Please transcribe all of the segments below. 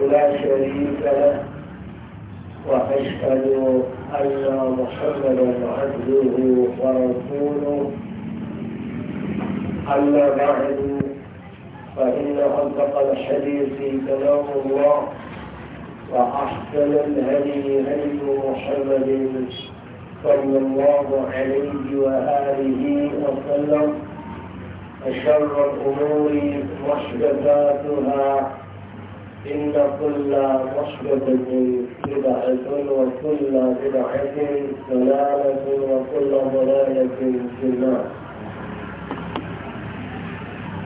لا شريك له وأشهد أن محمدا عبده ورسوله أما بعد فإن أصدق الحديث كلام الله وأحسن الهدي هدي محمد صلى الله عليه وآله وسلم وشر الأمور محدثاتها إن كل مشبة بدعة وكل بدعة ضلالة وكل ضلالة في النار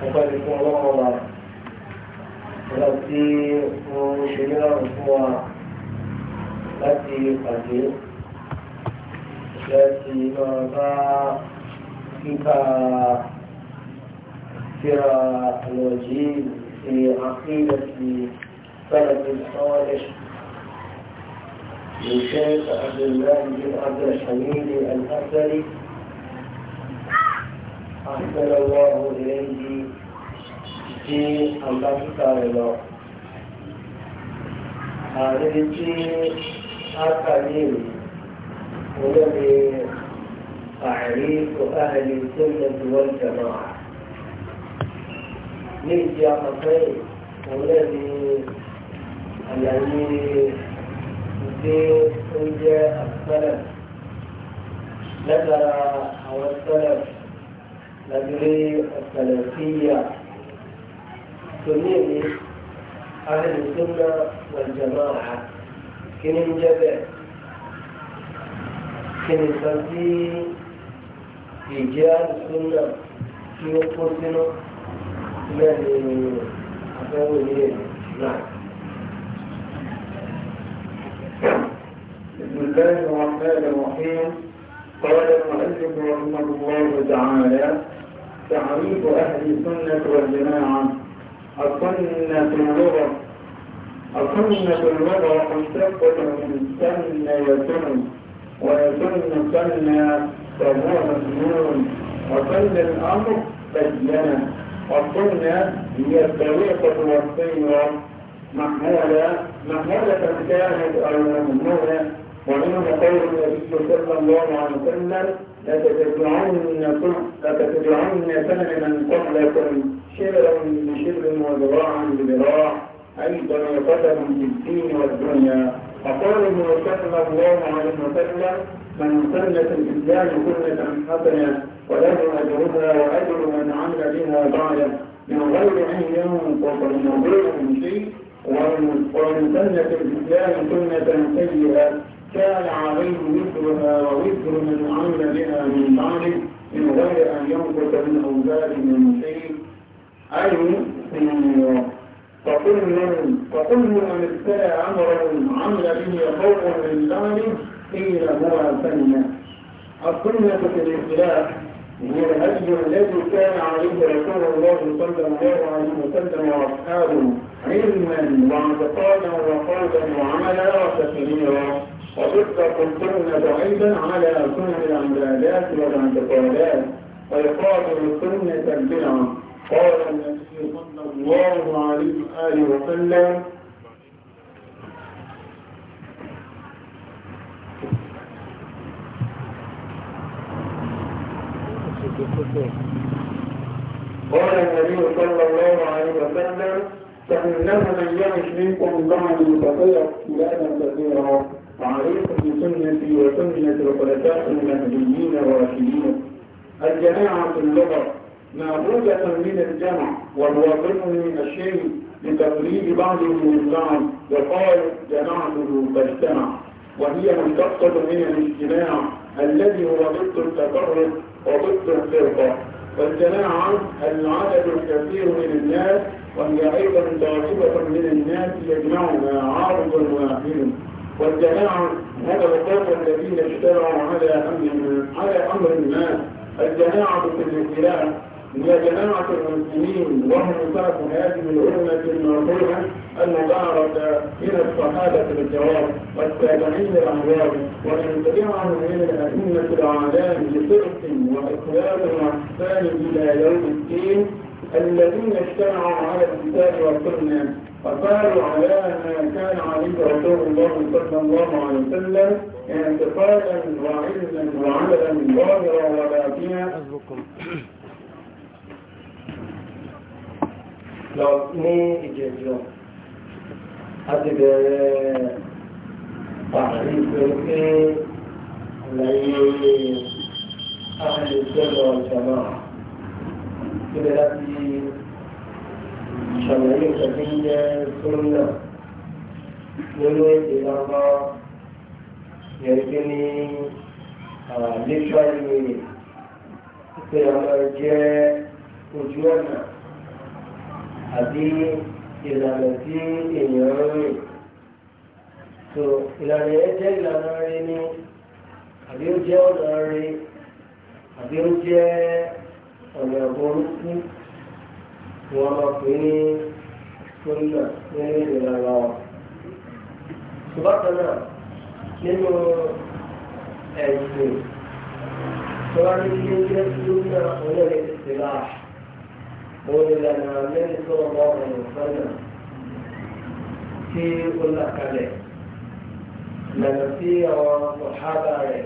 وقد يكون الله التي مشيرة هو التي قدير التي مرضى فيك ترى الوجيه في عقيدة الخوارج من شيخ عبد الله بن عبد الحميد الأثري أحسن الله إليه في الله تعالى هذه أقليل ولم تعريف أهل السنة والجماعة من جهتين والذي àlàyé ìgbé tó jẹ́ àtẹ́lẹ̀ lẹ́tara àwọn tẹ́lẹ̀ lábẹ́rẹ́ ọ̀tẹ̀lẹ̀ sí ìyá tó ní èmi ahẹ́lùsọ́nà wàjàmá àá kí ni ń jẹ́ bẹ́ẹ̀ kí ni sọ sí ìjẹ́ àlùsọ́nà tí ó kó sínú náà ni àfẹ́wò ilé náà. الله الرحمن الرحيم قال المؤلف رحمه الله تعالى تعريف أهل السنة والجماعة السنة اللغة السنة اللغة مشتقة من سن يسن ويسن سن فهو مسنون وسن الأمر بينه والسنة هي الطريقة والسيرة محمولة محمولة كانت أو ممنونة ومنهم قول النبي صلى الله عليه وسلم لتتبعن سنن من قبلكم شبرا بشبر وذراعا بذراع أي طريقة في الدين والدنيا ابن صلى الله عليه وسلم من سنة في الإسلام سنة حسنة وله أجرها وأجر من عمل بها بعده من غير أن ينقص من شيء ومن سنة الإسلام سنة سيئة كان عليه مثلها ومثل من عمل بها من بعده من غير أن ينقص من أوزار من شيء أي سنيرا فقل من فكل من ابتلى عمرا عمل به خوفا من بعده قيل هو سنة السنة في الاختلاف هي الهجر الذي كان عليه رسول الله صلى الله عليه وسلم واصحابه علما واعتقادا وقولا وعملا وتفكيرا وصدق السنه بعيدا على سنن العبادات والاعتقادات ويقابل السنه البدعه قال النبي صلى الله عليه واله وسلم قال النبي صلى الله عليه وسلم فإنه من يعش منكم بعد فسيرى اختلافا كثيرا وعليكم بسنتي وسنة الخلفاء المهديين الراشدين الجماعة في اللغة معبودة من الجمع والواقف من الشيء لتقريب بعضه من وقال جماعته فاجتمع وهي مشتقة من الاجتماع الذي هو ضد التفرد وضد الفرقة والجماعة العدد الكثير من الناس وهي أيضا طائفة من الناس يجمعها عارض واحد والجماعة هذا القوم الذين اجتمعوا على أمر ما الجماعة في الاختلاف يا جماعة المسلمين وهم سعد هذه الأمة المرحومة المباركة من الصحابة الكرام والتابعين الأعوام ومن تبعهم من الأئمة الأعلام بصدق وإخلاص وإحسان إلى يوم الدين الذين اجتمعوا على الكتاب والسنة وقالوا على ما كان عليه رسول الله صلى الله عليه وسلم اعتقادا وعلما وعملا ظاهرا وباطنا lọ ní ìjẹ̀jọ́ a ti bẹ̀rẹ̀ pàṣẹ pẹ̀lú pé àlàyé àlùjọ́lọ̀ ìjọba ìbẹ̀ láti ṣàlàyé ìjọba ń jẹ́ gómìnà nínú èdè lọ́gbọ́ yẹ̀rẹ̀gbẹ́ ní àlejò àìlú ìpè àwọn ojú ọ̀nà àbí ìlànà tí èèyàn ń rìn so ìlànà yẹn jẹ́ ìlànà rẹ ni àbí ó jẹ́ ọ̀nà rẹ àbí ó jẹ́ ọ̀nà burúkú wọn máa pè ní sunna nínú ìlànà wọn. ṣùgbọ́n náà nínú ẹ̀sìn tó wá ní kí ó jẹ́ sunna òun náà òun ìlànà lẹ́yìn tó ọmọ ọ̀rọ̀ sọ́nà tí ó là kalẹ̀ lẹ́nu tí àwọn ọ̀hábà rẹ̀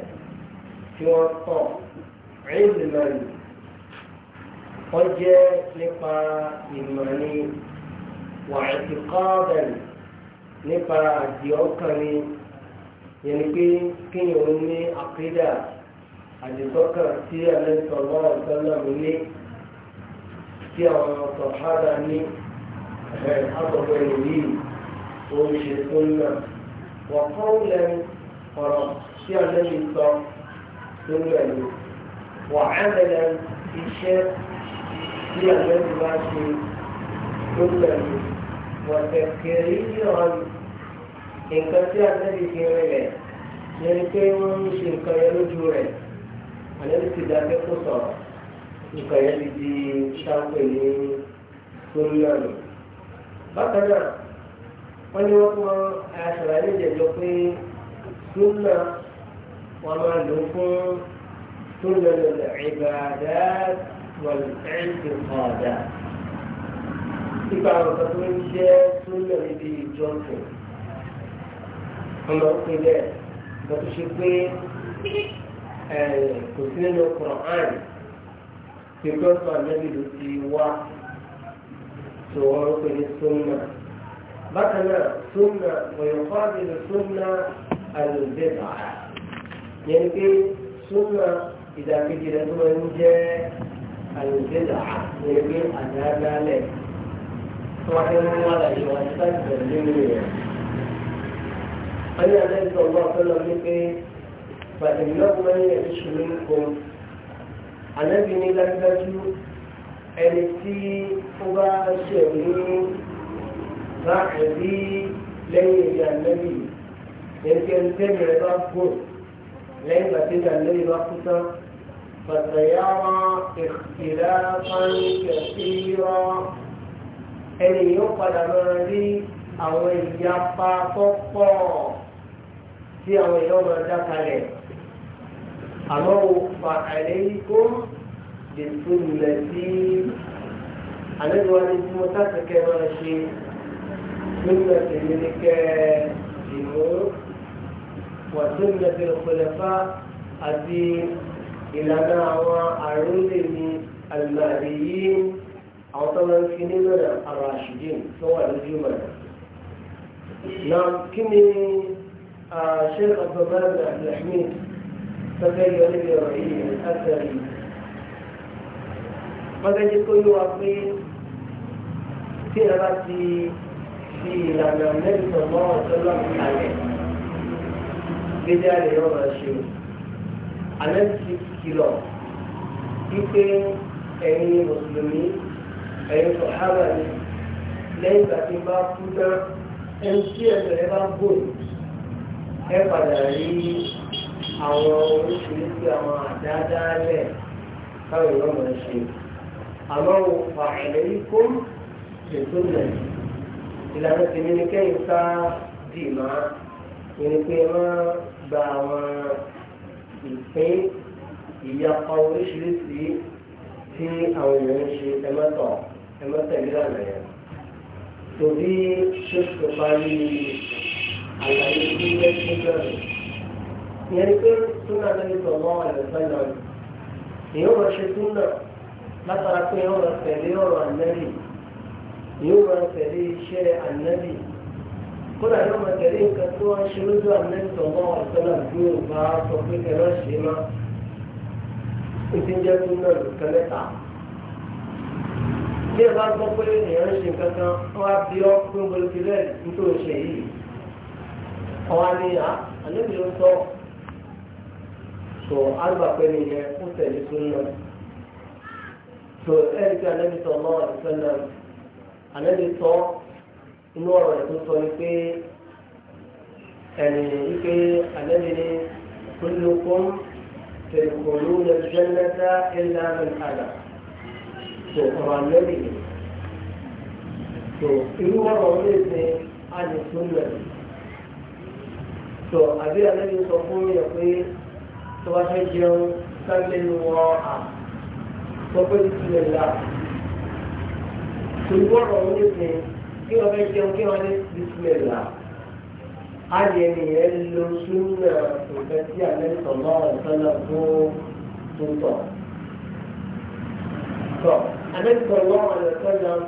tí wọ́n tọ̀ ẹ̀ẹ́dìmọ̀lì wọ́n jẹ́ nípa ìmọ̀ni wàhálì kọ́ọ̀bẹ̀lì nípa àdìọ́kànni yẹn pé kéèyàn ní àkídà àdìsọ́kàn tí ẹ̀lẹ́sọ̀rọ̀ ọ̀sán náà nílé. tí àwọn ọ̀tọ̀hádà ní àtọ̀pọ̀ ìlú oríṣi tó ń nà wọ́n kọ́ lẹ́nu ọ̀rọ̀ tí a lẹ́nu sọ tó ń lẹ́nu wọ́n ẹ̀mẹ́lẹ́ iṣẹ́ tí a lẹ́nu bá ṣe tó ń lẹ́nu wọ́n tẹ̀kẹ̀rẹ́ yíyan nǹkan tí a lẹ́nu fi rẹ̀ yẹn pé wọ́n ń ṣe nǹkan yẹn lójú rẹ̀ àlẹ́ ti dàgbẹ́ kó sọ̀rọ̀. nǹkan yẹn ti di ṣáńpẹ̀ ní lórí àná. bákan náà wọ́n ní wọ́n fún aṣàlàyé ìjẹ́jọ́ pé súnà wọn máa lò fún súnà lọ́lẹ̀ ìbàdà wọ̀lẹ́ẹ̀dẹ̀kọ̀ọ̀dà. nípa àwọn kan tó ń jẹ́ súnà níbi ìjọsìn wọ́n máa bẹ́ẹ̀ bọ́tú ṣe pé kò sí nínú kùrọ̀ánì ìgbọ́sọ̀ àlẹ́bí ló ti wá tó wọ́n pè ní súnmà bákan náà súnmà òyìnbó àbílẹ̀ súnmà àlùbẹ́bà yẹn ni pé súnmà ìdàkejì rẹ̀ tó máa ń jẹ́ àlùbẹ́bà yẹn ni pé àdáadáalẹ̀ tó wá ní wọ́n wà láyé wá sí bẹ̀rẹ̀ nínú rẹ̀. wọ́n ní àlẹ́ ìgbọ̀ngbọ̀n fẹ́ lọ ní pé fàtìmílọ́kùnrin yẹn ti ṣùgbọ́n ànábì ní lágbájú ẹni tí ó bá ṣe ní ráàrí lẹ́yìn ìyá ànábì ẹnikẹ́ni tẹ́lẹ̀ rẹ bá gùn lẹ́yìn ìgbà tí ànábì bá kú tán fàtàyàwá ìkìlá pàǹkẹ̀ sí rọ ẹni yóò padà máa rí àwọn ìyapa tó tí àwọn èèyàn máa dá kalẹ̀ àmọ́ o fa àìlẹ́yìnkó lè tún lẹ̀ sí àlejò àti tí mo sáà kẹ́kẹ́ máa ṣe nígbà tí mi ní kẹ́ ìmú wà tó nígbà tí o àti ìlànà àwọn àrùnlé ní àlùmáàdì yìí àwọn tó máa ń fi nínú àrùn àṣìjì tó wà lójú mọ̀ náà kí ni ah, Sheikh Abdulrahman Abdulrahman فكيف للرعي الأثري wọ́n jẹ́ kó yé wa pé tí ẹ bá ti fi ìlànà mẹ́tọ̀ mọ́ ọ̀tọ́lọ́ kalẹ̀ gbéjà lè yọ̀ máa ṣe o. Àlẹ́ ti kìlọ̀ wípé ẹ̀yin mùsùlùmí ẹ̀yin sọ̀hábà ni lẹ́yìn ìgbà tí bá kú náà ẹni tí ẹ̀sẹ̀ rẹ bá gbòòrò ẹ padà rí àwọn oríṣiríṣi àwọn àdáadáalẹ̀ káwọn èèyàn máa ń ṣe àmọ́ wàhálà yìí kó ètò ilẹ̀ ìlànà tèmi ni kẹ́yìn ká dì máa ìní pé wọ́n gba àwọn ìpín ìyapa oríṣiríṣi tí àwọn èèyàn ń ṣe ẹmọ́tọ̀ ẹmọ́tẹ̀lélànà yẹn tòbí ṣe é ṣe parí àlàyé tí wọ́n ti bẹ̀rẹ̀ ìyẹn ni pé súnà lórí ìtọ̀mọ́ ẹ̀rọ̀fẹ́ lọ ni èyí ó lọ ṣe súnà látara pé ó lọ tẹ̀lé ọ̀rọ̀ ànẹ́bì èyí ó lọ tẹ̀lé iṣẹ́ ànẹ́bì kódà yóò lọ tẹ̀lé nǹkan tó wọ́n ṣe lójú ànẹ́bì tọ̀mọ́ ẹ̀rọ̀fẹ́ lọ bí ó bá sọ pé ẹ̀rọ ṣe má ó ti ń jẹ́ súnà lùkẹ́ mẹ́ta bí ẹ bá gbọ́ pé èèyàn ṣe nǹkan kan bí ọ́ pé mo lè nítorí ṣe yìí ọ̀wá tó alùpàpẹ́ mi yẹ kó tẹ̀lé súnmọ́ tó ẹ̀ríkà anábì sọ ọmọ àdìsọ́nà anábì sọ inú ọ̀rọ̀ ẹ̀ tó sọ ni pé ẹ̀rì wípé anábì ni kullukum tẹ̀kọ̀lú jẹ́nẹ́ta ìlànà àdà tó ọ̀rọ̀ anábì ni tó irú ọ̀rọ̀ orí ìsìn àdìsọ́nà tó àbí anábì sọ fún mi pé tó bá fẹ́ jẹun sáré nu wọn à sọ pé ìtúlẹ̀ là torí wọ́n rọ̀ wọ́n lè kí wọ́n fẹ́ jẹun kí wọ́n lè ìtúlẹ̀ là á yẹ nìyẹn lo súnà òfẹ́ tí àlẹ́ sọ̀rọ̀ ọ̀sán náà tó tọ̀ tọ̀ àlẹ́ sọ̀rọ̀ ọ̀sán náà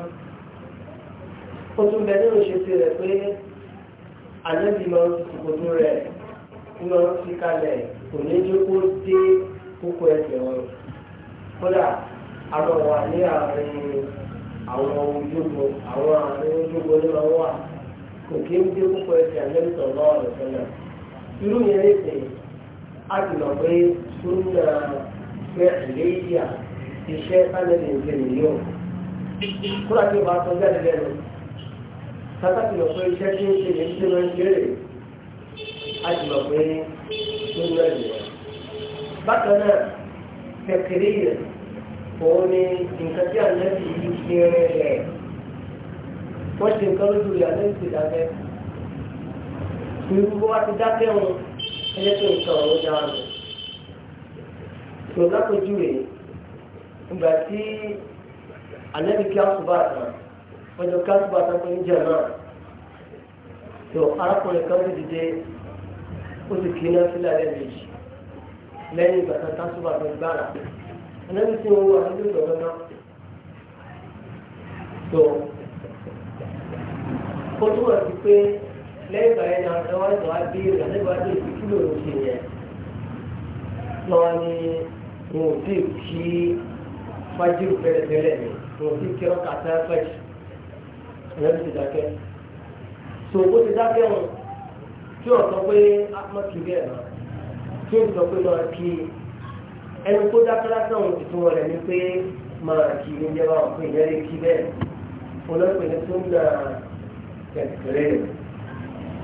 ó tún bẹ nínú rẹ̀ pé àlẹ́ bí lọ sí rẹ̀ ń sí kalẹ̀. kò ní kó dé kókó ẹsẹ̀ wọn kódà àwọn wà ní àárín àwọn ojúgbò àwọn àárín ojúgbò ní wọn wà kò kí ń dé kókó ẹsẹ̀ àlẹ́sọ̀ náà lọ́sẹ̀ irú yẹn lè sè pé súnà fẹ́ iṣẹ́ sálẹ̀lì ń kódà o bá sọ jáde lẹ́nu sátákì lọ pé iṣẹ́ tí ń ṣe ní ṣe máa nínú ẹ̀jẹ̀ bákan náà kẹkẹrẹ yẹn òun ni nǹkan tí yìí wọ́n nǹkan lójú ti wọn ẹni tó nǹkan ọ̀hún dáa tòun lápẹjú ìgbà tí kí àtàn wọ́n jọ kí àtàn pé ń náà tó arákùnrin kan ti dìde. ó sì kí náà sílẹ̀ lẹ́ẹ̀mejì lẹ́yìn ìgbà kan tásùbà tó gbára ẹnẹ́bí tí wọ́n wà nínú ìgbà kan tó ó túmọ̀ sí pé lẹ́yìn ìgbà yẹn náà ẹwà ìtọ́ á bí ìrìn àti ìgbà tó ìfi kílò ló ṣe yẹn lọ́wọ́ ni wọn ò tí ì kí fájú pẹ̀lẹ́pẹ̀lẹ́ mi wọn ò tí kí ọkà sáfẹ́jì ẹnẹ́bí ti dákẹ́ so ó ti dákẹ́ wọn tí o sọ pé ah, mọ́tò bẹ́ẹ̀ náà tí o sọ pé máa kí ẹni tó dákẹ́ lásán òun wọlé ni pé máa kí ní jẹ́ báwọn pé kí bẹ́ẹ̀ olóòpin tó ń na kẹ̀kẹ́rẹ́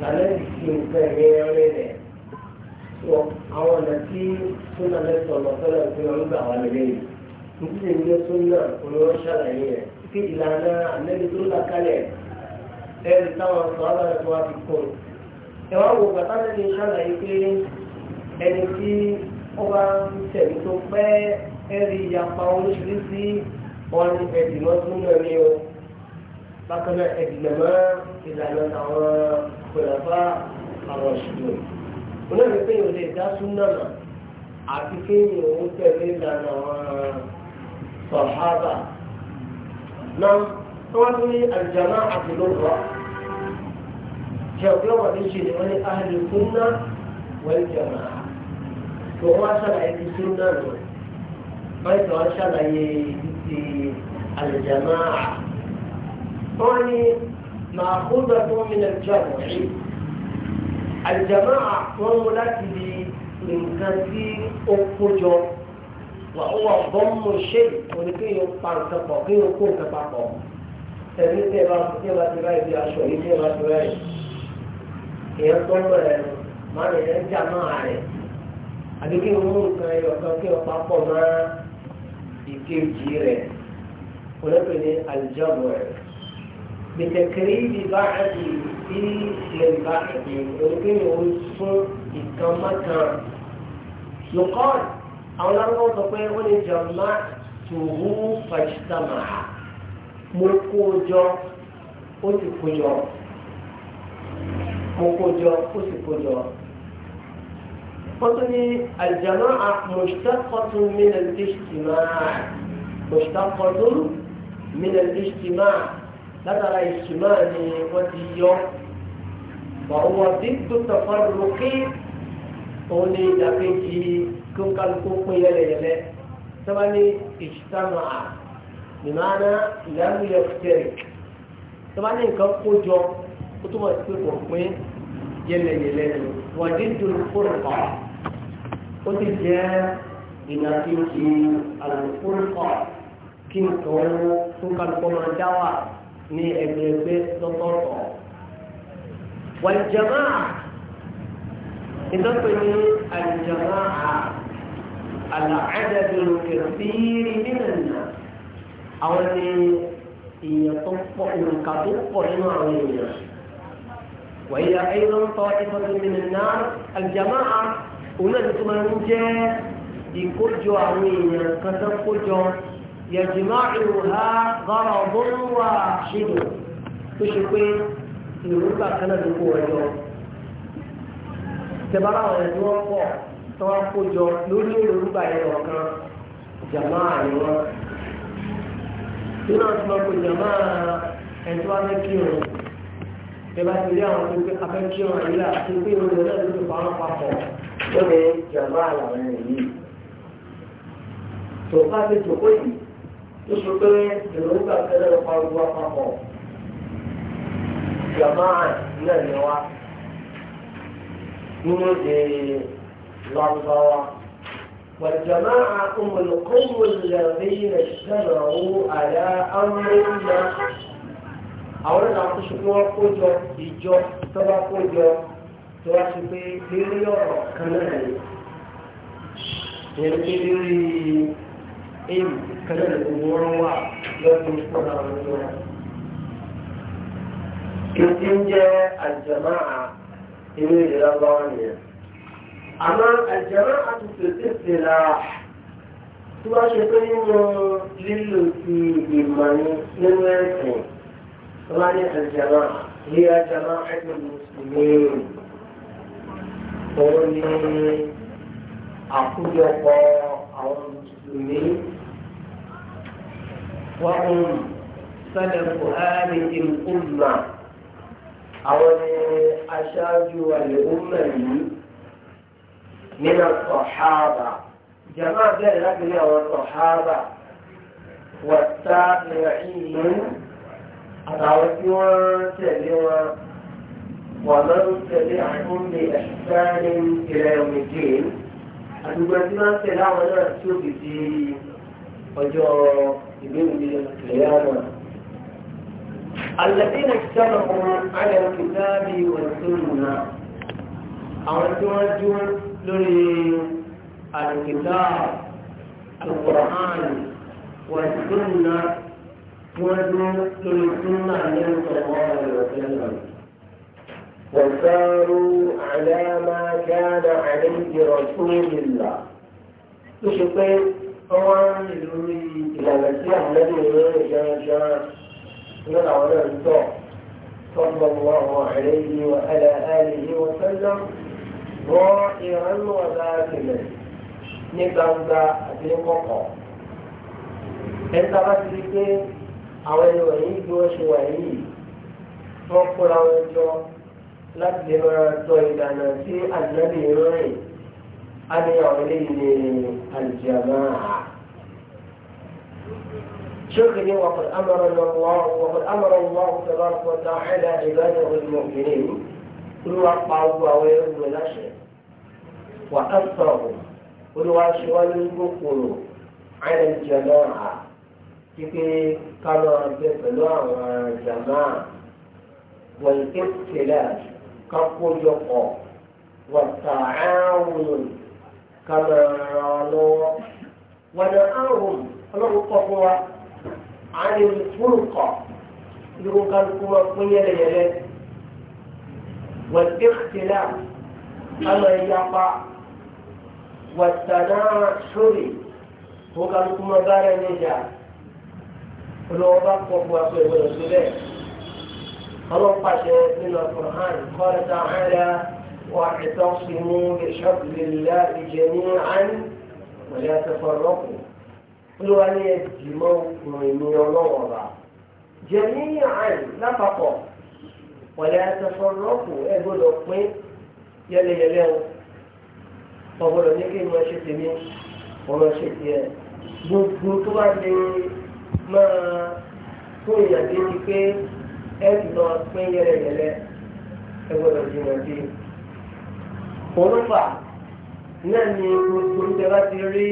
lálẹ́ ìfi nǹkan ẹ̀yẹ rẹ̀ rẹ̀ sọ àwọn ọ̀nà tí tó náà lẹ́ sọ̀rọ̀ sọ́dọ̀ pé wọ́n wà lélẹ́ yìí nítorí ìwé tó ń náà olówó ẹ̀wà wo gbàtánà lè ṣàlàyé pé ẹni tí ó bá ń tẹ̀lé tó pẹ́ ẹ̀rí ìyapa oríṣiríṣi wọn ní ẹ̀dìmọ́ tó ń rẹ̀ o bákan náà ẹ̀dìmọ́ ìlànà àwọn pẹ̀lẹ́fà àwọn òṣìṣẹ́ òun náà ní pé yóò lè dá súnà náà àti kéèyàn òun tẹ̀lé ìlànà àwọn sọ̀hábà náà wọ́n tún ní àlùjáná àti lóòrọ̀ ṣe ọ̀pẹ́ ọ̀rọ̀ méjì ni wọ́n ní ahli sunna wal jamaa tó wọ́n ṣàlàyé ti sunna nù wọ́n ti wọ́n ṣàlàyé ti al jamaa wọ́n ní ma'khuzatun min al jam'i al jamaa wọ́n mú láti di nǹkan tí ó kójọ wà tẹ́ bá ti bá ti aṣọ yìí tẹ́ bá ti bá yìí èèyàn tó ń bẹ̀rẹ̀ nù máa lè lẹ́ ń jà máa rẹ̀ àbí kí wọ́n mú nǹkan ẹyọ kan kí wọ́n papọ̀ mọ́ ìkejì rẹ̀ kò lẹ́pẹ̀ ní àlùjọ́bù rẹ̀. bìtẹ̀kìrì ibi bá àti bí lè bá àti òǹkéyìn ó fún ìkan mọ́kàn. lùkọ́ọ̀n àwọn lárúbáwọ̀ sọ pé wọ́n lè jọ máa tòwú fàjítàmà mo jọ ó ti kó jọ mo kójọ ó sì kójọ. wọ́n tún ní al-jama'a mushtaqatun min al-ijtima' mushtaqatun min al-ijtima' látara ìṣìmá ni wọ́n ti yọ. wàhùwà dídú tafarruqi òun ní ìdàkejì kí ó kálukú pín yẹlẹyẹlẹ sábà ní ijtama'a bìmánà lam yaftarik sábà ní nǹkan kójọ ó túmọ̀ sí pé kò pín yẹlẹyẹlẹ ni wàdí dùn fúrùkọ ó ti jẹ́ ìnàfíìsì àlùfúrùkọ kí n kọ́ tó kálukọ́ máa dá wà ní ẹgbẹ̀ẹ́gbẹ́ lọ́tọ̀ọ̀tọ̀ wàlìjàmá ìdọ́pẹ́ ní àlìjàmá àlàáfíà kẹfìrí nínú àwọn ni ìyẹn pọ̀ nǹkan tó pọ̀ nínú àwọn èèyàn. وهي أيضا طائفة من النار الجماعة هنا تمنجة يكل جوعين كتب كل يجمعها غرض واحد تشكي يروبا كان ذكو وجو تبارا وجو قو توا كوجو لوري يروبا يروكا جماعة يروبا تنا تما كوجماعة انتوا نكيرو ìjọba ti rí àwọn tó pé afẹ́kíọ̀ àyílá àti pé ìwé ìrọ̀lẹ́ ló ti parọ́ papọ̀ lóde ìjàmbá àlàrà rẹ̀ yìí. tó bá ti tòkó yìí tó sọ pé ìrọ̀lẹ́ gbà fẹ́lẹ́ lọ papọ̀ ìjàmbá náà ni wá nínú èdè lọ́gbọ́wá. والجماعة هم القوم الذين اجتمعوا على أمر ما àwọn náà tó ṣe wọ́n kó jọ ìjọ tó bá kó jọ tó wá ṣe pé lérí ọ̀rọ̀ kan náà ni ìyẹn pé lérí èèmù kan náà ni gbogbo wọn wà lọ́dún tó bá wọn jọ. kìtì ń jẹ́ àjàmáà inú ìlera bá wọn nìyẹn. àmọ́ àjàmáà ti pèsè ìlera tí wọ́n ṣe pé nínú lílo ti ìmọ̀ nínú ẹ̀sìn. ثمانية الجماعة هي جماعة المسلمين قولي أخلق أو المسلمين وهم سلف هذه الأمة أو أشاج الأمة من الصحابة جماعة ذلك هي الصحابة والتابعين àtàwọn tí wọ́n tẹ̀lé wọn wà lọ́dún tẹ̀lé àwọn ọmọ ẹ̀sán ìrẹ̀ omi jìn àdúgbò tí wọ́n tẹ̀lé àwọn náà tí ó fi di ọjọ́ ìgbéwìdì ìyáàmà. الذين اجتمعوا على الكتاب والسنة àwọn tí wọ́n dúró lórí الكتاب القرآن والسنة وجدوا للسنة من صلى الله عليه وسلم وساروا على ما كان عليه رسول الله تشكي طوال إلى مسيح الذي جاء من أولى الصوت صلى الله عليه وعلى آله وسلم ظاهرا وباطنا نبغى في القرآن. أنت àwọn ẹni wọ̀nyí bí wọ́n ṣe wà yìí wọ́n kóra wọn jọ láti lè máa tọ ìlànà tí àdínábì rìn á ní àwọn eléyìí ní àlùjàmá. شكرا وقد أمرنا الله وقد أمر الله تبارك وتعالى عباده المؤمنين olùwàpàwọ̀ àwọn ẹrù rẹ̀ láṣẹ wà á sọ̀rọ̀ olùwàṣẹ́wọ́n ní gbòkòrò àìlẹ́jẹ̀ náà kíkẹ́ ká máa bẹ pẹ̀lú àwọn jàmá wọ̀nyíkẹ́ tẹ̀lẹ̀ ká kójọ pọ̀ wọ́n tààrùn ká máa ra lọ́wọ́ wọ́n ní àrùn ọlọ́run kọ́ fún wa àrùn fúrùkọ̀ irú kálukú máa pín yẹ́lẹ́yẹ́lẹ́ wọ́nyíkẹ́ tẹ̀lẹ̀ ká máa yapa wọ́n tààrùn sórí kó kálukú máa bára ẹni jà olówó bá kọ́ fún aṣọ ìgbọ́dọ̀ sí bẹ́ẹ̀. ọlọ́pàṣẹ nínú ọkùnrin kọ́ra ta'ala wà ìtọ́sínú ìṣọ́bìlélá ìjẹ̀mí àn wọ̀lẹ́ àtẹ̀fọ́rọ́kù. olúwa ní ẹ̀jì mọ́ ọkùnrin ní ọlọ́wọ̀n bá. jẹ̀mí àn lápapọ̀ wọ̀lẹ́ àtẹ̀fọ́rọ́kù ẹ̀ gbọ́dọ̀ pín yẹlẹyẹlẹ o ọgbọ́dọ̀ ní kí n máa ṣe tèmi ọmọ ṣe tiẹ̀ gbogbo tó bá lè máa tó ìyàdé ni pé ẹ lọ pín yẹlẹyẹlẹ ẹ gbọ́dọ̀ jìnnà sí i. òun fà náà ni gbogbo ìjọba bá ti rí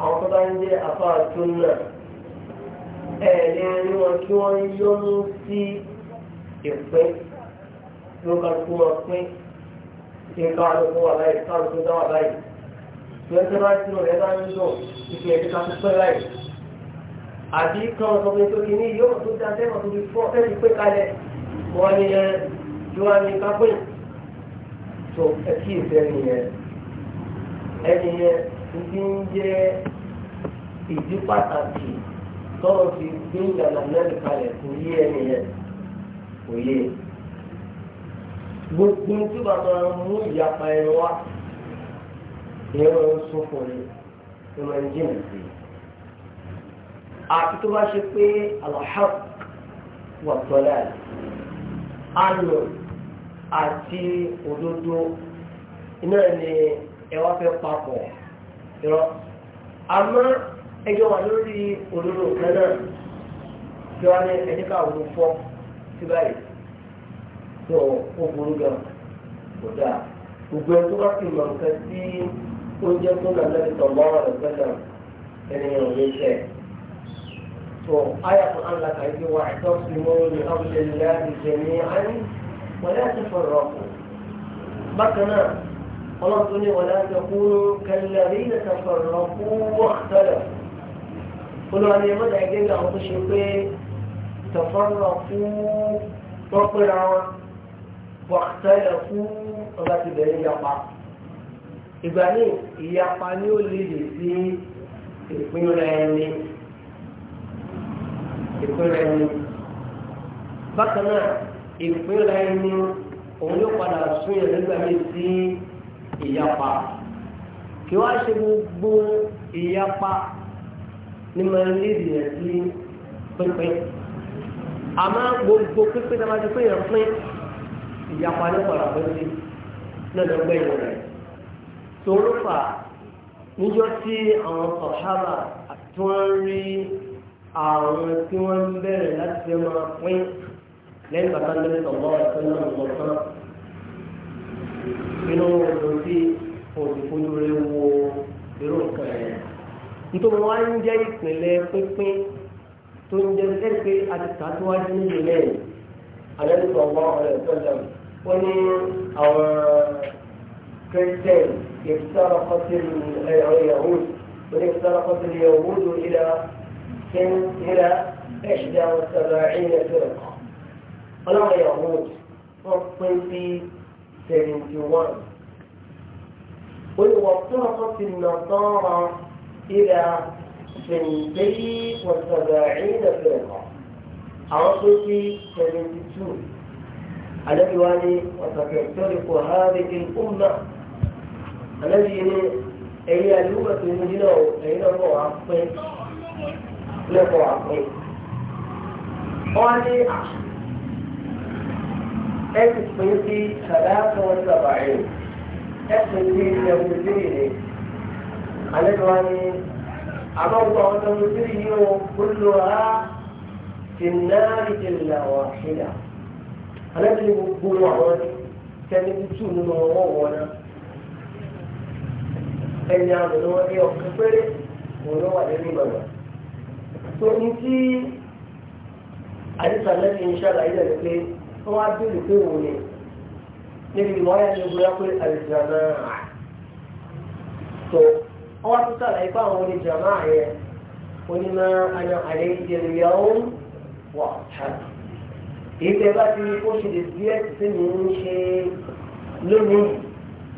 àwọn tó bá ń jẹ́ afáà tó náà ẹ lè rí wọn kí wọ́n yọ́nú sí ìpín ló ká kú wọn pín ìka àlùkò wà láyé ká àlùkò dá wà láyé. ìgbésẹ̀ bá ti rọ̀ ẹ bá ń lò ìgbésẹ̀ ká tó pẹ́ láyé. àbí kan sọ pé tó kìíní yóò tó dá sẹ́wọ̀n tó fi fọ́ fẹ́ẹ́ fi pé kalẹ̀ wọ́n ní ẹ yóò ní kápẹ́ tó ẹ kí ìfẹ́ nìyẹn ẹni yẹn ti ń jẹ́ ìdí pàtàkì ma fi gbé ìgbàlà mẹ́rin kalẹ̀ kò yé ẹni yẹn kò yé àti tó bá ṣe pé alahaq wà tọ́lá àánú àti òdodo iná ni ẹ wá fẹ́ papọ̀ irọ́ àmọ́ ẹjọ́ wà lórí òdodo kan náà tí wọ́n ní ẹni káwọn fọ́ sí báyìí tó ó burú gan kò dáa gbogbo ẹni tó bá fi mọ̀ nǹkan tí ó jẹ́ tó nà tọ̀ mọ́ ọ̀rọ̀ gbẹ́dọ̀ ẹni yẹn وآية القرآن لك أيدي واعتصموا بحبل الله جميعا ولا تفرقوا بكنا قلتني ولا تكونوا كالذين تفرقوا واختلفوا قلوا أن يمد عجل أو تشركي تفرقوا وقرعوا واختلفوا ولا تبعين يقع إبراهيم يقعني لي في الفنون ìpínlẹ̀ ẹni bákan náà ìpínlẹ̀ ẹni òun yóò padà sún yẹn nígbà míì sí ìyapa kí wọ́n á ṣe gbogbo ìyapa ní máa ń lé ìdìyàn sí pínpín àmọ́ gbogbo pínpín náà máa ti pín yẹn pín ìyapa ní padà pín sí náà lọ́gbẹ́ yẹn rẹ̀ tó ló fà níjọ́ tí àwọn sọ̀hábà tí wọ́n rí àwọn tí wọ́n ń bẹ̀rẹ̀ láti fẹ́ máa pín lẹ́yìn bàtà lẹ́yìn tọ̀gbọ́ ẹ̀fẹ́ náà lọ tán nínú ọdún tí òdìfojú rẹ wo irú nǹkan ẹ̀ nítorí wọ́n á ń jẹ́ ìpínlẹ̀ pínpín tó ń jẹ́ sẹ́pẹ́ àti tàtúwájú nílé lẹ́yìn alẹ́yìn tọ̀gbọ́ ọ̀rẹ́ ìtọ́jà wọ́n ní àwọn kírísítẹ́nì ìfúsàrọ̀kọ́sí ẹ̀rọ ìyàwó ìfúsàrọ̀kọ́sí ìyàwó ìlú إلى إحدى وسبعين فرقة ọlọ́run yahoo wọ́n pín sí seventy one olùwàtúrọ̀kọ́ ti nà sọ́ọ̀rọ̀ ìlà sèǹdéyì wọ̀sàgàrín lẹ́fẹ̀ẹ́kọ̀ àwọn tó sí seventy two alẹ́bíwá ni wọ̀sàgàrín kò há rèé ọ̀nà alẹ́bí ni ẹ̀yin àlùmọ̀tò ìmúdínà ẹ̀yin náà bọ̀ wá pín lẹ́kọ̀ọ́ àpẹ́. wọ́n ní ẹ̀sìn pé bí sàdáàtọ̀ wọn sábà rẹ̀ ẹ̀sìn bí ẹ̀wọ̀n ìbéèrè rẹ̀ alẹ́ wa ní àbáwọ̀ àwọn ọmọ ìbéèrè yìí ó kúlò á ti náà ti là wà sílẹ̀ alẹ́ bí gbogbo àwọn tẹ́lẹ̀ tútù nínú ọwọ́ wọn náà ẹ̀yìn àgbẹ̀lọ́wọ́ ní ọ̀kẹ́ péré òun ló wà lórí ìmọ̀ràn tó ní tí àdìsá lẹ́sí ìṣàlá ilẹ̀ rẹ̀ pé wọ́n á bèèrè pé wò ni níbi ìmọ̀ ayé ni bóyá pé àdìsá náà tó wọ́n wá tún sàlàyé pé àwọn oníjàmá yẹn onímọ̀ àyàn àlẹ́ ìjẹ̀lẹ̀ yàwó wà ṣáà ìgbẹ́ bá ti ó ṣe lè bí ẹ̀sì sí mi ń ṣe lónìí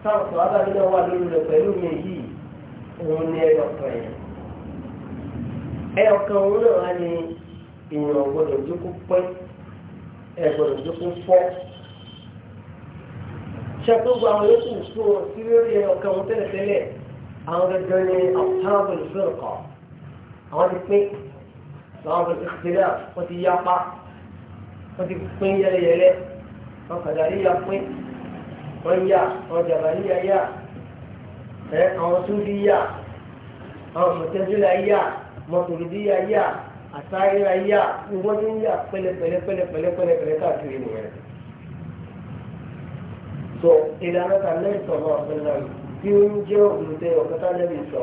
táwọn sọ̀rọ̀ abáyé náà wà lórí rẹ̀ pẹ̀lú mi yìí òun ni ẹ̀yọ̀ pẹ̀lú ẹ̀ẹ̀kan òun náà wá ní ìyàn gbọ́dọ̀ jókòó pẹ́ ẹ̀ gbọ́dọ̀ jókòó fọ́ ṣàtúgbò àwọn yòókù tó sí lórí ẹ̀ẹ̀kan òun tẹ́lẹ̀ tẹ́lẹ̀ àwọn gẹ́gẹ́ ní àwòtáwò ìfẹ́ọ̀kọ̀ àwọn ti pín àwọn gẹ́gẹ́ ìṣẹ̀lẹ̀ wọ́n ti yapa wọ́n ti pín yẹlẹyẹlẹ wọ́n kàdà yíya pín wọ́n yá wọ́n jàmbá yíya yá ẹ̀ àwọn tó bí yá àwọn mọ̀tẹ́jú mọ̀tòlùdíyà àtàríra yá wọ́n ti ń yà pẹ́lẹ́pẹ́lẹ́pẹ́lẹ́pẹ́lẹ́ káàkiri nìyẹn. so ìlànà ta lẹ́yìn sọ̀rọ̀ ọ̀sán náà tí ó ń jẹ́ òkúté ọ̀kọ́tà lẹ́yìn sọ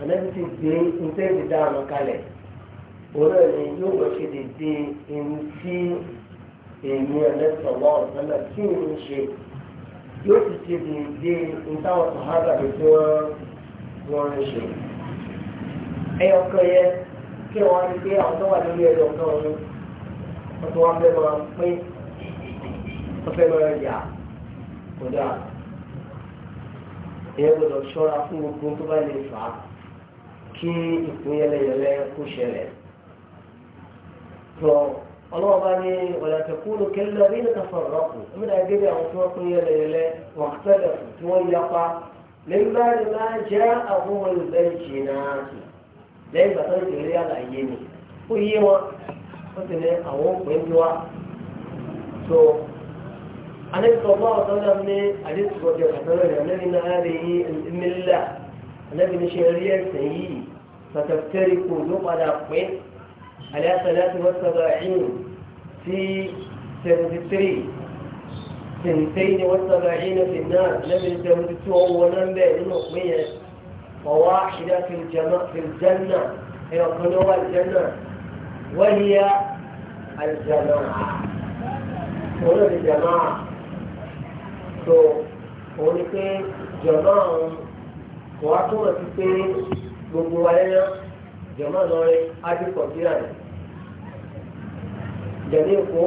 ànábi ti gbé ntẹ́ ti dá àmọ́ kalẹ̀ òun náà ni yóò lọ ṣe dédé ẹni tí èmi ẹ̀lẹ́ sọ̀rọ̀ ọ̀sán náà tí ò ń ṣe yóò ti ṣe dédé ntáwọn sọ̀hábà tó wọ́n ń ṣe ẹyọ kan yẹ kí wọ́n rí pé àwọn tó wà lórí ẹyọ kan ọ̀hún wọ́n tó wọ́n fẹ́ máa pín wọ́n fẹ́ máa yà kódà ìyẹn gbọ́dọ̀ ṣọ́ra fún gbogbo tó bá lè fà á kí ìpínyẹlẹyẹlẹ kó ṣẹlẹ̀ tó ọlọ́wọ́ bá ní ọ̀làtẹ̀kúrò kẹlẹ́ bí nìkan sọ̀rọ̀ ọ̀kù nígbà gẹ́gẹ́ àwọn tí wọ́n pín yẹlẹyẹlẹ wọ́n tẹ́lẹ̀ tí wọ́n yapa lẹ́yìn báyìí máa jẹ́ àwọn olùbẹ́jì náà tù lẹ́yìn ìgbà tó ń tẹ̀lé àlàyé ni ó yé wọn ó sì ní àwọn òpin bí wá tó anẹ́sọ̀gbọ́ ọ̀sánlá ní àdéṣùgbọ́dẹ̀ àtọ́rọ̀ rẹ̀ lẹ́ni náà rí mílíà lẹ́bi ní ṣe rí ẹ̀sìn yìí pàtàkì kò ló padà pé àlẹ́sàlẹ́ ti wọ́n sọ̀rọ̀ ẹ̀yìn sí seventy three sèǹtẹ́yìn ni wọ́n sọ̀rọ̀ ẹ̀yìn náà fi náà ní seventy two ọwọ́ náà bẹ́ẹ̀ nínú òpin yẹn. فواحدة في الجنة في الجنة هي قلوب الجنة وهي الجماعة هنا الجماعة so òun ni pé jọ̀mọ́ àwọn wàá túmọ̀ sí pé gbogbo ayé náà jọ̀mọ́ lọ́rẹ́ ájú kọ̀m̀pútà rẹ̀ jẹ̀mí èkó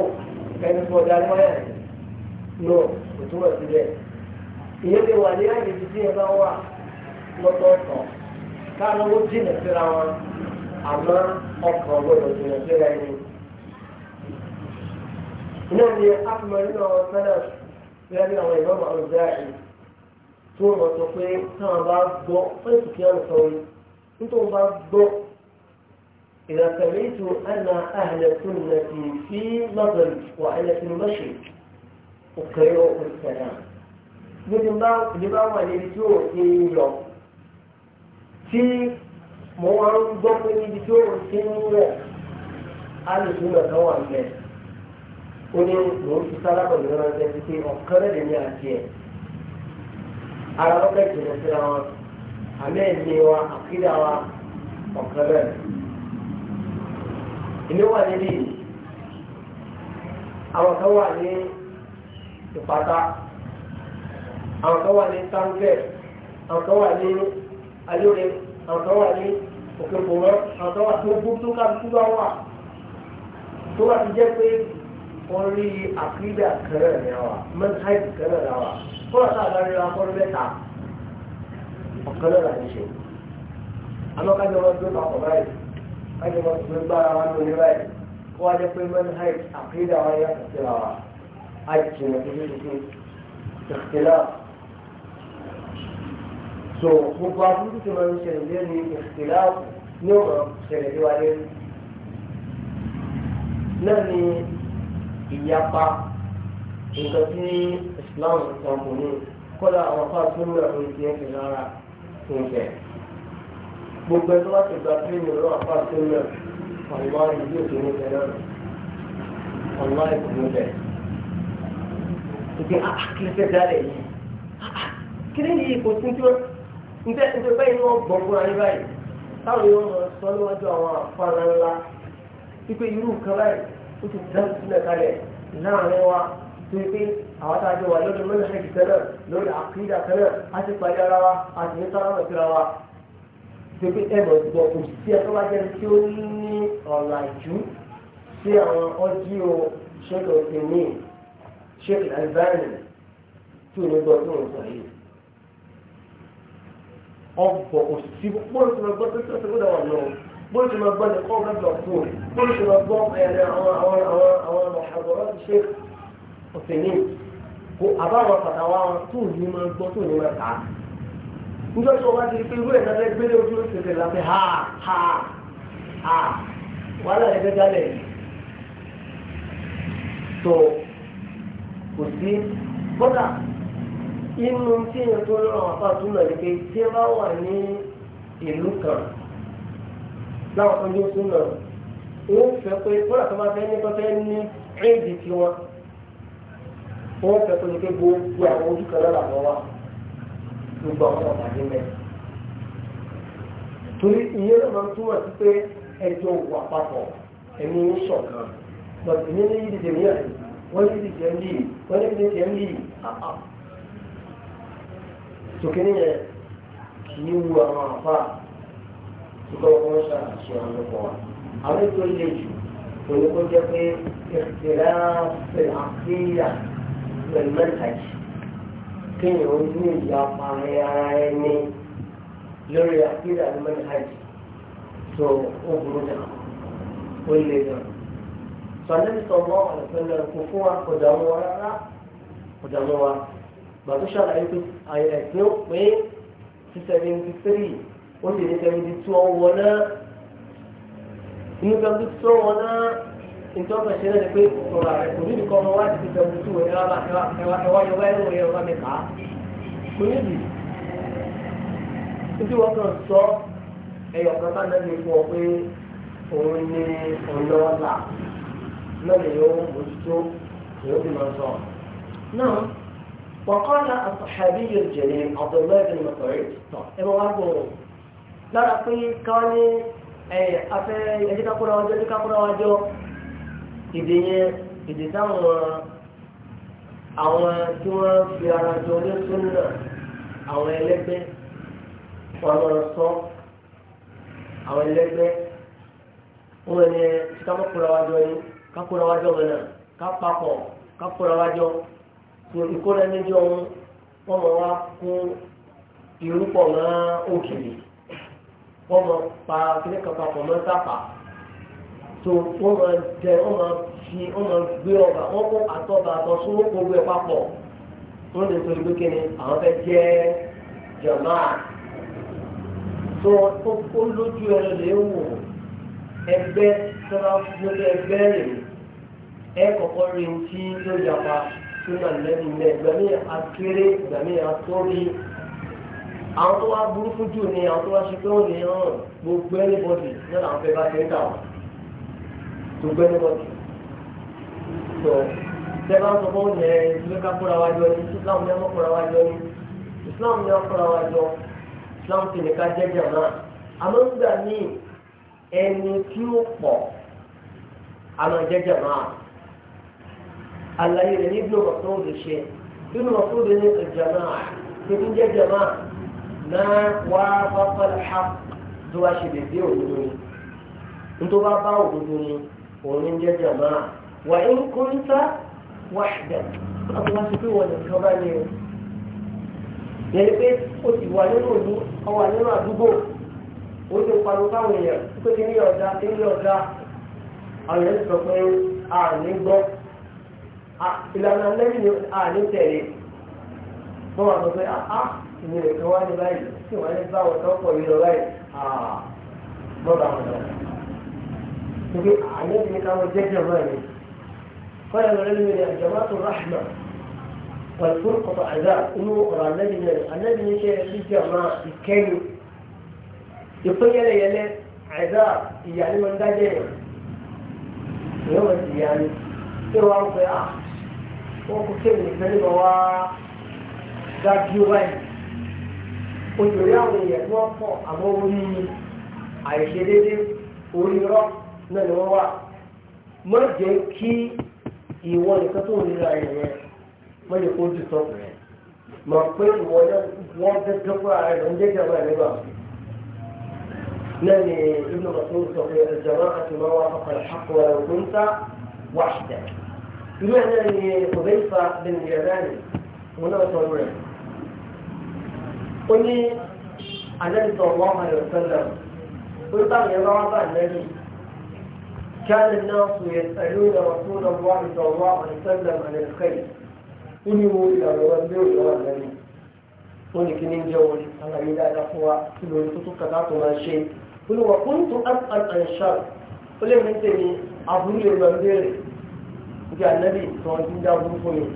ẹni fún ọjà lọ́yà rẹ̀ no kò túmọ̀ sí bẹ́ẹ̀ ìyẹn lè wà ní àyè títí ẹ bá wà lọ́tọ̀ọ̀tọ̀ káàlọ́ ó jìnà síra wọn àmọ́ ọkàn gbọ́dọ̀ jìnà síra ẹni. iná ni afúnmọ́ nínú àwọn sẹ́nà fẹ́ẹ́ ní àwọn ìmọ̀ àwọn ìjà ẹ̀ tó wọ́n sọ pé táwọn bá gbọ́ fún ìtùkí àwọn sọ yìí nítorí bá gbọ́ إذا سمعت أن أهل السنة في مغرب وأنا في المشرق أقرئ السلام. níbi bá wà níbi tí ò ń yọ tí mo wá ń gbọ́ pé níbi tí òun ti ń wọ̀ á lè tún lọ sọ́wọ́ àgbẹ̀ ó ní mò ń fi sálábà lórí ọjọ́ ti pé ọ̀kan rẹ̀ ní àti ẹ̀ ara lọ́kẹ́ jìnnà síra wọn àmì ẹ̀mí wa àkídà wa ọ̀kan rẹ̀ èmi wà níbí àwọn kan wà ní ìpàtà àwọn kan wà ní táǹkẹ̀ àwọn kan wà ní ayóre àwọn tó wà ní òkè òpòrọ àwọn tó wà tó gbó tó ká tó bá wà tó wà ti jẹ́ pé wọ́n rí àkídà kẹrẹ̀ rẹ̀ wà mẹ́tàìdì kẹrẹ̀ rẹ̀ wà fọ́nà tá a bá rí ra fọ́nà mẹ́ta ọ̀kan náà ní ṣe àmọ́ kájọ wọn gbé papọ̀ báyìí kájọ wọn gbé gbára wọn lórí báyìí kó wá jẹ́ pé mẹ́tàìdì àkídà wọn yà kàtẹ́ra wa á jìnà tó ní ìdíkú so gbogbo aburú tó máa ń ṣẹlẹ̀ lé ní ìṣẹ̀lá ní ọ̀rọ̀ ṣẹlẹ̀ lé wa lé náà ni ìyapa nǹkan tí Islam kan kò ní kọ́lá àwọn afá tó ń rẹ̀ orí tiẹ̀ fi rárá fún ìfẹ́ gbogbo ẹni tó bá ti gba pírímù lọ́wọ́ afá tó ń rẹ̀ ọ̀nà ìlú òkè ní ìfẹ́ lọ́nà ọ̀nà ìkò ní ìfẹ́ ìgbé àkíńtẹ́ ah, dálẹ̀ yìí ah, ah, kí ni ìyí kò ǹjẹ́ ǹjẹ́ báyìí wọ́n gbọ́n fún ayé báyìí táwọn yóò mọ sọ níwájú àwọn afárá ńlá wípé irú nǹkan báyìí ó ti dá sílẹ̀ kalẹ̀ láàrin wa tó yẹ pé àwọn tá a jọ wà lórí mẹ́lẹ́sẹ̀kì tẹ́lẹ̀ lórí àkídà tẹ́lẹ̀ á ti parí ara wa á ti ní sára ìtura wa tó pé ẹ̀rọ ìgbọ̀ kò sí ẹ̀ tó bá jẹ́ tí ó ní ọ̀làjú sí àwọn ọ́jíò ṣẹ́kọ̀ọ́ ṣẹ́kọ̀ọ́ Albani ní gbọ́ ọ̀bọ̀ òsì bóyá tí wọ́n gbọ́ tó tó gbọ́dọ̀ wà lọ́wọ́ bóyá tí wọ́n gbọ́ ní kọ́ gbọ́dọ̀ kú bóyá tí wọ́n gbọ́ ẹ̀rẹ̀ eh, eh, àwọn àwọn àwọn àwọn àbọ̀rọ̀ ti ṣe òsèlú kó àbáwọn pàtàwọ́ àwọn tó ní máa gbọ́ tó ní máa kà á. níjọ́ tí wọ́n bá ti rí pé irú ẹ̀ náà gbélé ojú ìṣẹ̀lẹ̀ lápẹ́ ha ha ha wàhálà ẹgbẹ́ jálẹ̀ tó kò sí bọ́dà inú tí èèyàn tó lọ́wọ́ àpá túmọ̀ ní pé tí ẹ bá wà ní ìlú kan láwọn tó ń yóò túmọ̀ ó fẹ́ pé kódà tó bá fẹ́ ní kó fẹ́ ní éèdì tiwọn ó fẹ́ pé ní pé gbogbo àwọn ojú kan lọ́la lọ́wọ́ gbogbo àwọn ọ̀pá ní mẹ́. torí ìyẹn náà máa ń túmọ̀ sí pé ẹjọ́ wà papọ̀ ẹ̀mí ń ṣọ̀kan bọ̀dé ní ní yídìdì mìíràn wọ́n yídìdì ẹ̀ ń yìí wọ́n yídìdì ẹ̀ ń yìí sókè ní yẹn kì í wu àwọn àfa sókè wọn kọ́ ṣe àṣẹ àwọn ọkọ̀ wa àwọn ètò ilé jù òní kó jẹ́ pé ìrìnà àkéyà pẹ̀lú mẹ́tàjì kéèyàn ó ní ìyá parí ara ẹni lórí àkéyà ní mẹ́tàjì tó ó burú dà ó lè dà. sọ̀nẹ́bí sọ̀rọ̀ àwọn ọ̀sẹ̀ lẹ́nu kò fún wa kò dààmú wa rárá kò dààmú wa gbàtú ṣàlàyé pé àìsàn ó pé sí seventy three ó sì ní seventy two ọwọ́ náà inú seventy two ọwọ́ náà ìjọba ṣe náà ni pé ọ̀rọ̀ rẹ̀ kò ní nìkan ọmọ wájú sí seventy two ẹ̀rọ ẹ̀wá yọ̀wá ẹ̀rọ ẹ̀rọ ẹ̀rọ mi kà á kò ní bì nítorí wọn kàn sọ ẹyọ kan bá náà ní fún ọ pé òun ní ọ̀nà ọ̀la náà lè yọ ohun òtútù èyí ó sì máa sọ náà. وقال الصحابي الجليل عبد الله بن مسعود ẹmọ wa gbọ́n lára pé káwọn ní afẹ́ ẹ̀díkàkúra wájọ́ ẹ̀díkàkúra wájọ́ ìdè yẹn ìdè táwọn àwọn tí wọ́n fi ara jọ ní súnà àwọn ẹlẹ́gbẹ́ ọ̀rọ̀ sọ àwọn ẹlẹ́gbẹ́ wọ́n ní kákúra wájọ́ yìí kákúra wájọ́ mẹ́ta kápapọ̀ kákúra wájọ́ ìkóra ẹni jọ wọn mọ wá fún irúpọ̀ náà òkèlè wọ́n mọ pa kíní kan papọ̀ mọ́ sápà tó wọ́n mọ jẹ wọ́n mọ fi wọ́n mọ gbé ọba wọ́n kó àtọ́ba àtọ́ sówó gbogbo ẹ̀ papọ̀ wọ́n lè torí pé kíni àwọn fẹ́ jẹ́ jamaa tó ó lójú ẹ̀rọ lè wò ẹgbẹ́ tó bá fún ẹgbẹ́ rè é kọ̀kọ́ rí ohun tí yóò yapa súnà lẹ́nu ilẹ̀ ìgbà ní akéré ìgbà ní atọ́rí àwọn tó wá burúkú jù ní àwọn tó wá ṣe pé wọ́n lè hàn gbogbo ẹnìbọ̀dì náà làwọn fẹ́ bá ṣe ń kà wọ́n gbogbo ẹnìbọ̀dì sọ tẹ́lá sọ fún ọ̀nà ìṣúlẹ̀ ká kóra wájọ ní Islam ní ọmọ kóra wájọ ní Islam ní ọmọ kóra wájọ Islam ti ní ká jẹ́jẹ́ náà àmọ́ nígbà míì ẹni tí ó pọ̀ àmọ́ jẹ́jẹ́ náà. Allah rẹ̀ ní Ibn Mas'ud ṣe Ibn Mas'ud ní al-jama'a tuntun jama'a náà wá fáfáàlì ha tó wá ṣe dédé òdodo ni nítorí wá bá òdodo ni òun ní wa jama'a kunta wahda o o o Ah, ìlànà lẹ́yìn ni a ní tẹ̀lé wọ́n wà sọ pé a ah, ah, ìwé rẹ̀ kan wá ní báyìí tí wọ́n ní bá wọn tọ́pọ̀ yìí lọ báyìí lọ́ba wọn lọ. Ibi àyẹ̀dì ní káwọn jẹ́ jẹ́ mọ́ ẹ̀ kọ́lá lọ lẹ́nu ní àjọba tó ráṣmà pẹ̀lú kọ̀tọ̀ àdá inú ọ̀rọ̀ àlẹ́bí ní àlẹ́bí ní ṣe ẹ̀rí jẹ́ ọ̀nà ìkẹ́yìn. Ìpínyẹlẹyẹlẹ àdá ìyá ni mo ń dájẹ́ yẹn. Ìyá wọn ti yá ni. Ṣé wàá ń pẹ́ à? wọ́n kò kéwì nìkan níbọ̀ wá dájú báyìí òjòrí àwọn èèyàn tí wọ́n pọ̀ àmọ́ orí àìṣedédé orí rọ́ náà ni wọ́n wà má jẹ́ kí ìwọ nìkan tó ń ra ẹ̀yẹ má jẹ́ kó dùn sọ́kùn rẹ̀ mọ̀ pé ìwọ náà wọ́n dẹ́gbẹ́ fún ara rẹ̀ ń jẹ́ kí àwọn ẹ̀mí wà. نعم ابن مسعود صحيح الجماعة ما وافق الحق ولو كنت وحدك irú ẹ̀ náà ni ọ̀bẹ́ifá bẹ́ẹ̀ ni ìrẹ́lẹ́ni òun الله sọ rẹ̀ ó ní àlẹ́sọ̀ ọmọ ayọ̀ كان الناس يسألون رسول الله صلى الله عليه وسلم عن الخير قلوا إلى ربه إلى النبي قل كنين جول أنا إذا أخوة كلوا يفتوك ذات ما شيء قلوا وكنت أسأل عن الشر قلوا من تبي أبو الربيع kí anabi sọ ti ń dá burú fún mi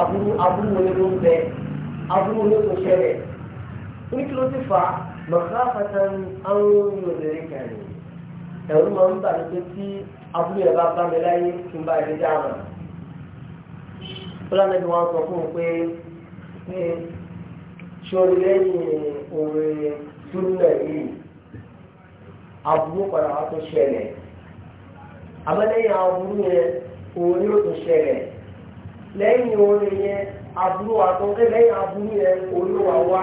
aburú aburú wo ni ló ń bẹ aburú wo ni kò ṣẹlẹ̀ oníkìló ti fà á màkàfàtà àwọn olùrẹ̀ kẹrin ẹ̀rú máa ń bà mí pé tí aburú yẹn bá bá mi láyé kí n bá yẹ dáhùn fúlàní bí wọ́n sọ fún un pé sori lẹ́yìn orin túnlẹ̀ yìí aburú padà wá tó ṣẹlẹ̀ àbẹ́lẹ́yìn aburú yẹn òun ni ó tún ṣẹlẹ̀ lẹ́yìn orin yẹn aburú àtúnkẹ́ lẹ́yìn aburú yẹn olúwa wá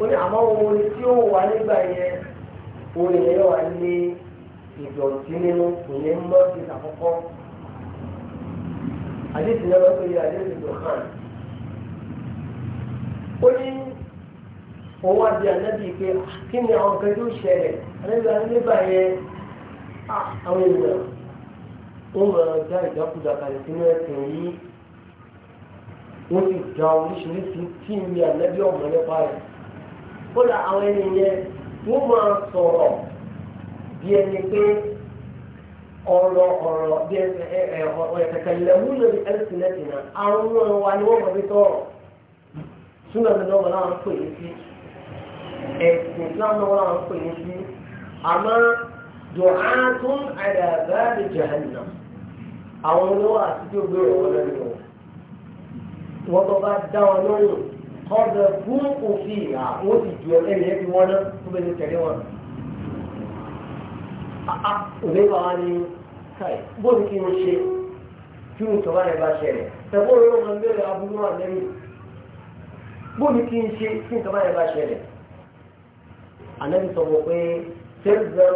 ó ní àmọ́ orin tí ó wà nígbà yẹn orin yẹn wà ní ìdọ̀tí nínú ìyẹn mọ́ ti sàkọ́kọ́ àdéhùn yẹn lọ́pọ̀ yẹn àdéhùn ìdọ̀kan ó ní òun wá di ànábì pé ah, kí ni àwọn kan tó ṣẹlẹ̀ ànábì wa nígbà yẹn ah, àwọn ènìyàn wọ́n rọra já ìjákúdà kalẹ̀ sínú ẹ̀sìn yìí wọ́n sì da oríṣiríṣi tí ìwé àlẹ́bí ọ̀mọ́ nípa rẹ̀ kódà àwọn ẹni yẹn wọ́n máa sọ̀rọ̀ bí ẹni pé ọ̀rọ̀ ọ̀rọ̀ bí ẹ̀kẹ̀kẹ̀lẹ̀mú lórí ẹ̀sìnẹ́sìnà àwọn wa ni wọ́n mọ̀ bí tọ̀rọ̀ súnà mi náà wọ́n á pè é sí ẹ̀sìn Islam náà wọ́n pè é sí àmọ́ dùn á tún àdàbà lè jahannam àwọn olówó àti tí ó gbé ìrànwọ́ lẹ́nu wọn. wọ́n tó bá dá wọn lóhùn ọ̀dọ̀ fún òfin ìhà wọ́n ti ju ẹni ẹbí wọn náà tó bẹ́ẹ̀ ní tẹ̀lé wọn. òmìnira wa ni bóyá kí n ṣe kí n tọ́ba rẹ̀ bá ṣẹlẹ̀ tẹ̀gbọ́n rẹ̀ wọn bẹ̀rẹ̀ aburú wà lẹ́yìn bóyá kí n ṣe kí n tọ́ba rẹ̀ bá ṣẹlẹ̀. àná mi pé tẹ́lifíṣàn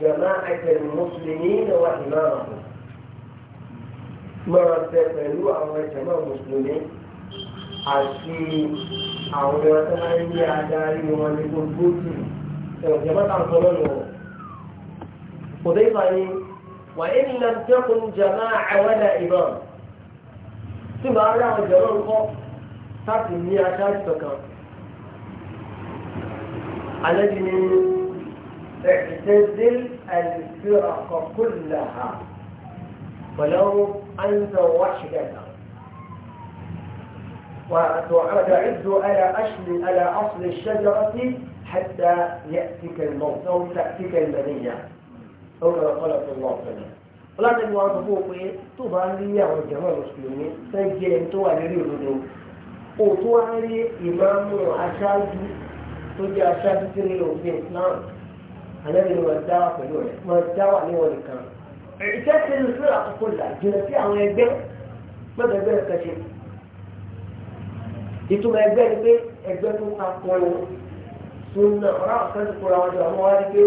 jama'at al-muslimin wa imamahum máa bẹ pẹ̀lú àwọn ìjọba mùsùlùmí àti àwọn ọ̀dọ́ máa ń yé adarí wọn ní gbogbo jù ẹ̀wọ̀n ìjọba tá à ń sọ lọ́nà wọn. òde ìfà ni wà á ní lẹ́mtẹ́kùn jàmá àwẹ́dà ìbọn tí màá rí àwọn ìjọba ń kọ́ láti ní aṣáájú kankan. alẹ́ bí ni ẹ̀ẹ́dẹ́gbẹ̀rẹ̀ àìsí ọkọ̀ kúlẹ̀ pẹ̀lú أنت وحدك وتعد على أصل على أصل الشجرة حتى يأتيك الموت أو تأتيك المنية أو كما قال صلى الله عليه وسلم láti ní wọn sọ fún un pé tó bá ń rí àwọn jàmá mùsùlùmí fẹ́ jẹ ẹni tó wà lórí òdodo ó tó wá ń rí ìmáàmù aṣáájú tó jẹ aṣáájú tí ó ní òfin Islam àlẹ́ mi ni wọ́n dá wà pẹ̀lú rẹ̀ wọ́n dá wà ní wọn nìkan iṣẹ́ tí ní sílẹ̀ àkókò là jìnà sí àwọn ẹgbẹ́ mẹ́tẹ̀ẹ̀gbẹ́ ẹ̀ka ṣe ìtumọ̀ ẹgbẹ́ ni pé ẹgbẹ́ tó ta kọ́ sunna ọ̀rọ̀ àkọ́kọ́ ti kóra wọn jọ àwọn wá rí pé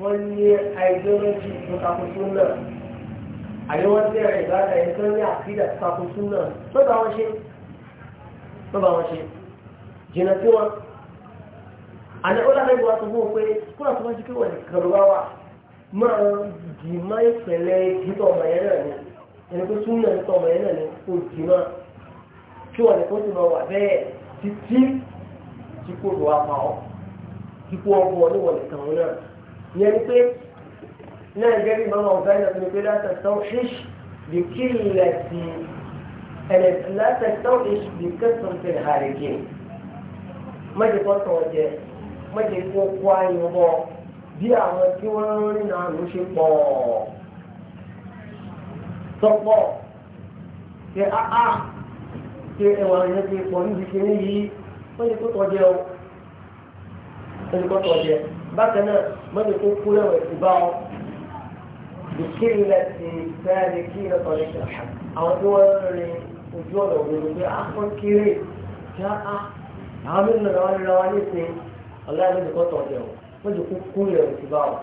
wọ́n ní àìdọ́lọ́jì tó takò sunna àyè wọ́n tẹ̀ ẹ̀rẹ̀ ìbára ẹ̀ tó ní àkídà tó takò sunna tó bá wọn ṣe tó bá wọn ṣe jìnà sí wọn àná ó lábẹ́ ìwà tó fún un pé kó máa dì má ìpẹ̀lẹ̀ ìdítọ̀ ọmọ yẹn náà ni ẹni pé súnmọ́ ìdítọ̀ ọmọ yẹn náà ni kò dì má kí wọ́n ní kó ti máa wà bẹ́ẹ̀ títí tí kò lọ́ apá ọ́ tí kò ọkọ̀ ọ́ níwọ̀n nìkan wọn náà ìyẹn ni pé náà jẹ́ bí màmá ọ̀gá ẹ̀ náà pé láti tán ṣíṣ bí kí ilẹ̀ ti ẹ̀lẹ̀ láti tán ṣíṣ bí àwọn tí wọ́n ń rìn náà ló ṣe pọ̀ tọ́pọ̀ ṣe áá ah, ah, ṣe ẹwà yẹn ti pọ̀ níbi kíní yìí wọ́n ti kó tọ́jẹ́ o wọ́n ti kó tọ́jẹ́ bákan náà wọ́n ti kó kú lẹ́wọ̀ ẹ̀sìn bá ọ ìkíni lẹ́sìn fẹ́ẹ́rẹ́ kí ní ọ̀rẹ́ kí àwọn tí wọ́n ń rìn ojú ọ̀nà òdodo pé á ah, kọ́ kéré ṣe áá àwọn mélòó lọ́wọ́ lọ́wọ́ nísìnyí ọ̀gá ẹ̀mí ti kó tọ́jẹ́ o wọ́n jẹ́ kókó rẹ̀ ti bá wọ̀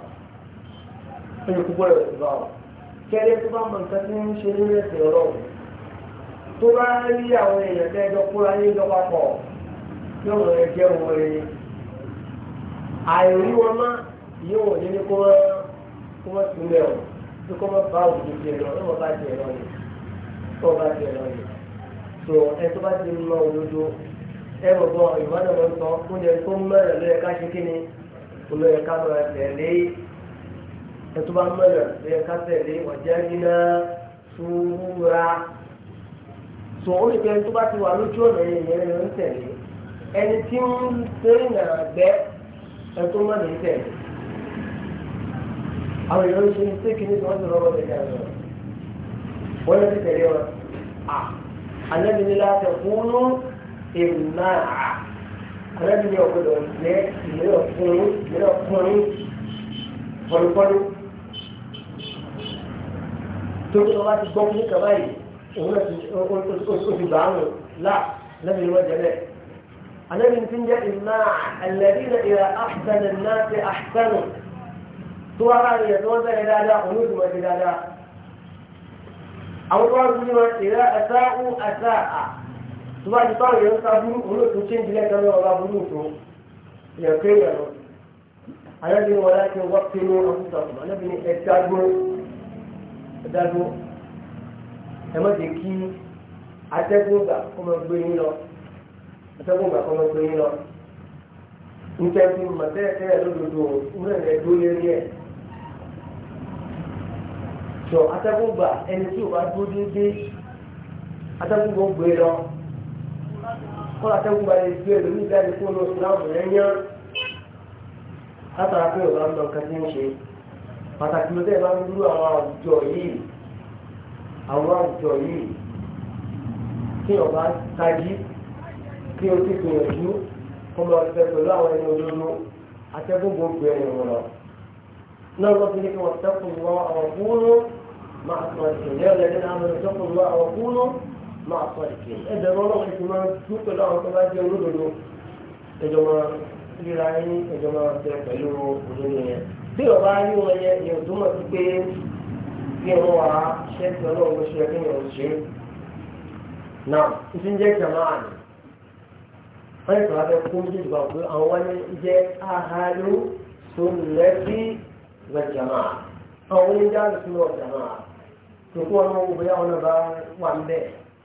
wọ́n jẹ́ kókó rẹ̀ ti bá wọ̀ kẹ́lẹ́ tó bá mọ nǹkan tí ń ṣe lórí ẹ̀sìn ọlọ́run tó bá rí àwọn èèyàn tẹ́ ẹjọ́ kóra ní ìjọba pọ̀ yóò rẹ̀ jẹ́ wọn rẹ̀ àìrí wọn má yóò wọ̀ nínú kó wọ́n kó wọ́n tún lẹ̀ wọ̀ tó kọ́ wọ́n bá òkú tiẹ̀ lọ lọ́wọ́ bá tiẹ̀ lọ yìí lọ́wọ́ bá tiẹ̀ lọ yìí tó ẹ tó bá ti lọ òdodo ẹ bọ̀ bọ̀ ìwádìí ọ̀rọ̀ sọ oúnjẹ tó mẹ́rẹ̀ lọ́yẹ ká ṣe kí ni olóyè ká lọ tẹ̀lé ẹtú bá mọ̀nà olóyè ká tẹ̀lé ọ̀jẹ́ nínà súwúra tó ó lè jẹ́ tó bá ti wà lójú ọ̀nà ìyẹn ló ń tẹ̀lé ẹni tí ń sẹ́yìn àgbẹ̀ ẹtú mọ̀nà ń tẹ̀lé àwọn èèyàn ń ṣe ní sékì ní ìwọ́n ti tẹ̀lé àwọn wọ́n lè ti tẹ̀lé wọn à alẹ́ mi ní láti alábìyẹ ọ̀gbọ́dọ̀ jẹ́ ìlera ọ̀kùnrin ìlera ọ̀kùnrin pọ̀lúpọ̀lú torí ọba ti gbọ́ fún kaba yìí òun náà ti oṣù gbà áwọn là lẹ́bi wọ́n jẹ́ bẹ́ẹ̀. alábi ti ń jẹ́ ìmá ẹ̀lẹ́bí náà ìyá àṣìṣẹ́ náà ti àṣìṣẹ́nu tó wá káàdì yẹn tó wọ́n bẹ̀rẹ̀ dáadáa òun yóò tún wọ́n ti dáadáa. àwọn tó wá ń bí wọn ìrẹ́ ẹ̀sáà tó bá ti báwọn yẹn ń sábúrú olóòtú tí ń dilẹ̀ kan náà ọba burú tó yẹ kéèyàn lọ alábìnrin wọn láti wọ́n pé ní ọdún sọ̀tún alábìnrin ẹ̀dágbó ẹ̀dágbó ẹ má ti kí atẹ́gùngbà kó máa gbé yín lọ atẹ́gùngbà kó máa gbé yín lọ nítorí màtẹ́ẹ̀tẹ́ẹ̀ lódodo wúrẹ̀ rẹ̀ dúró lérí ẹ̀ tó atẹ́gùngbà ẹni tí ò bá dúró déédéé atẹ́gùngbà ó gbé lọ kọ́lá tẹ́gùn bá yẹ ju ẹlòmí jáde kó lọ sí láwùjọ rẹ̀ yán látara pé ọ̀la ń lọ nǹkan tí ń ṣe pàtàkì ló dé bá ń dúró àwọn àwùjọ yìí àwọn àwùjọ yìí kí ọba tají kí o ti gbìyànjú kó lọ sí pẹ̀lú àwọn ẹni olóró atẹ́gùn gbogbo ẹni wọn lọ. náà wọ́n fi ní kí wọ́n tẹ́kùn lọ àwọn kúrú máa tọ̀ máa sọ ìkí ẹ̀dẹ̀ ọlọ́run ti máa dún pẹ̀lú àwọn tó bá jẹ́ olódodo ẹjọ́ máa ríra yín ẹjọ́ máa bẹ pẹ̀lú òdodo yẹn bí ọba rí wọn yẹn yẹn tó mọ̀ sí pé kí ẹ wọ́n wá ṣe ti ọlọ́run ló ṣe kí ẹ wọ́n ṣe náà ìfi ń jẹ́ jàmá àná wọ́n yẹ kí wọ́n fẹ́ kó méjèèjì bá wọ́n pé àwọn wáyé jẹ́ ahalo sunnati wa jàmá àwọn oníjà ló ti wọ̀ jàmá tòkú ọmọ òbí àwọn ọba wà ń bẹ́ẹ̀.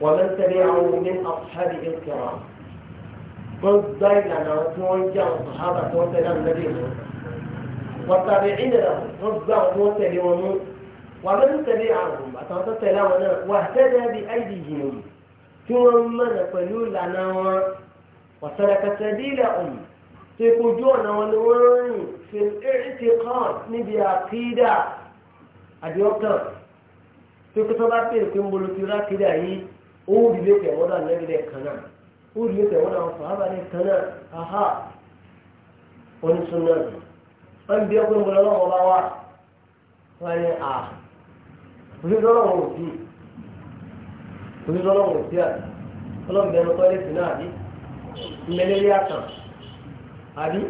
ومن تبعه من أصحابه الكرام قد دايما توجه صحابة توتنا النبي والتابعين له رضا وتلومون ومن تبعهم أتوتنا واهتدى بأيديهم ثم نقلوا لنا وسلك سبيلهم تكجون ونوان في الاعتقاد نبي عقيدة أديوكا تكتبات في الكمبلوتيرا كده ó rílé tẹ̀wọ́dà lẹ́rí a kan náà ha rílé tẹ̀wọ́dà wọn sàábà rẹ̀ kan náà aha biya rẹ̀ wọ́n bí ọkùnrin bọ̀lọ́ lọ́wọ́ bá wà wọ́n ní à oníṣọ́lọ́wọ́ ò sí oníṣọ́lọ́wọ́ ò sí àti ọlọ́mọdé ẹnu tọ́lé sí náà àbí mẹ́lẹ́lẹ́ àtàn àbí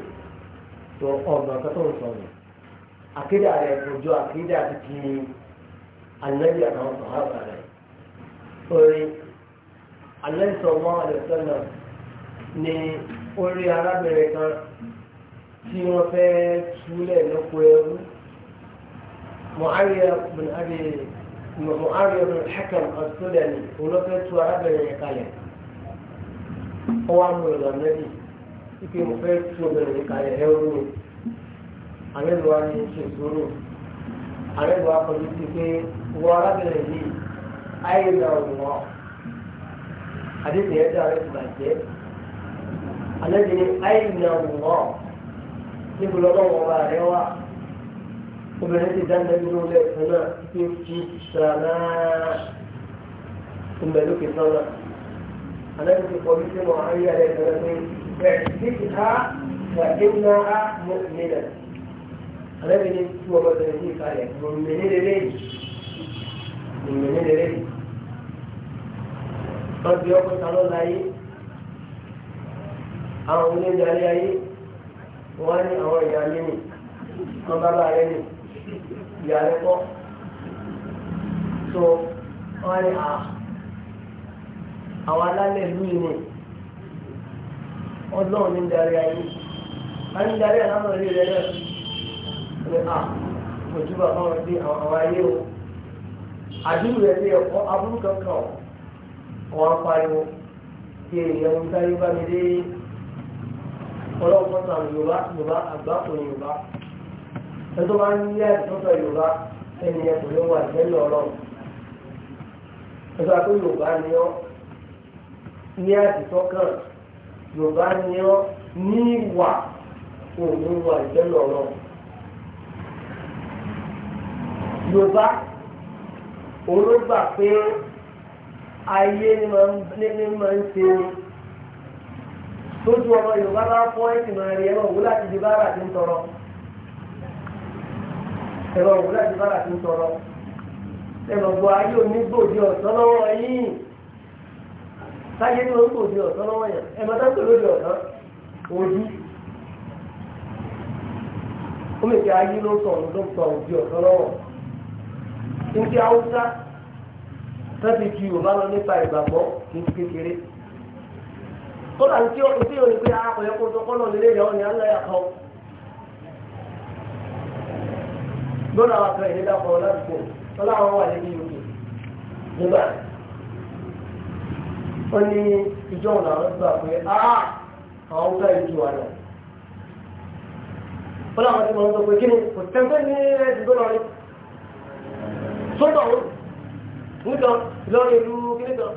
tó ọ̀gbọ̀n kẹtọ́ ń sọ̀rọ̀ akéde akéde àti ti àtàwọn sọ̀rọ̀ alẹ́sọ̀mọ́ àdẹ̀sọ́nà ni orí arábìnrin kan tí wọ́n fẹ́ túlẹ̀ lóko ẹrú mọ̀háríà bin abi mọ̀háríà bin hakam asúdẹ̀ni olófẹ́ tú arábìnrin kalẹ̀ ó wá mú ìlànà bí ike mo fẹ́ tú obìnrin kalẹ̀ ẹrú ni àrẹ́lùwá ni ṣe sùúrù àrẹ́lùwá kọjú sí pé wọ arábìnrin yìí ayé wọ́n àdéhùn yẹn dára ti bàjẹ́ alẹ́bí ni àìnà wọ́n níbo lọ́wọ́ wọn bá rẹ wá obìnrin ti dáná nínú ilé ẹ̀sán náà tí ó fi sànà ìmọ̀lókè sọ́nà alẹ́bí ti pọ̀ wípé wọn á rí alẹ́ ẹ̀sán náà pé ẹ̀sìn ká wà ẹ̀nà á mọ̀ nílẹ̀ alẹ́bí ni tí wọ́n bá tẹ̀lé sí ìkàlẹ̀ mọ̀ mẹ́lẹ́lẹ́lẹ́ mọ̀ mẹ́lẹ́lẹ́lẹ́ wọ́n fi ọkọ̀ ìtàlọ́ láyé àwọn onídàárí ayé wọ́n á ní àwọn ìyá lé nì wọ́n bábà rẹ̀ nì ìyá rẹ̀ kọ́ so wọ́n á ní àwọn alálẹ̀ lùú nì ọlọ́run ní darí ayé a ní darí àlámọ̀ rí rẹ̀ náà ní à ojú bàbá wọn bí àwọn ayé o àdúgbò rẹ̀ bí ẹ̀kọ́ abúrú kankan o wọn pariwo kí èèyàn ń sáré bá mi dé ọlọ́pọ̀tà yorùbá yorùbá àgbà kò ní yorùbá ẹ tó bá ń yẹ ìtọ́sọ yorùbá ẹni ẹ kò ní wà lẹ́nu ọlọ́run ẹ sọ yorùbá ni ọ ní àtìtọ́ kan yorùbá ni ọ ní ìwà òun wà lẹ́nu ọlọ́run yorùbá òun ló gbà pé ayé ní máa ń ṣe ni tójú ọmọ yorùbá bá fọ́ ẹ̀sìn máa rí ẹ̀rọ òwúlà ti di bára ti ń tọrọ ẹ̀rọ òwúlà ti bára ti ń tọrọ ẹ̀rọ gbọ́ ayé onígbòdì ọ̀sán lọ́wọ́ yìí sáyé ní onígbòdì ọ̀sán lọ́wọ́ yẹn ẹ̀mọ́tá ń pè lórí ọ̀sán ojú ó lè fi ayé ló sọ̀rọ̀ ló sọ̀rọ̀ di ọ̀sán lọ́wọ́ ní ti haúsá tẹ́tí ju yorùbá lọ nípa ìgbàgbọ́ kì í kékeré kódà tí ah, o tí o ní pé akọ̀yẹ́ kó tó kọ́nà nílé ìyàwó ni alẹ́ yàtọ̀ lọ́nà àwọn akẹ́rẹ́ ìdílé àkọ́wọ́ ládùúgbò lọ́nà àwọn wà níbi yòókè nígbà ó ní ìjọ́hùn làwọn gbà pé áá ah, àwọn gbà ìjù wà náà ó láwọn ti mọ̀ ń sọ pé kí ni kò tẹ́ńtẹ́ ní ẹ̀ẹ́dì nìkan lọ́rọ̀ ìlú kíníkan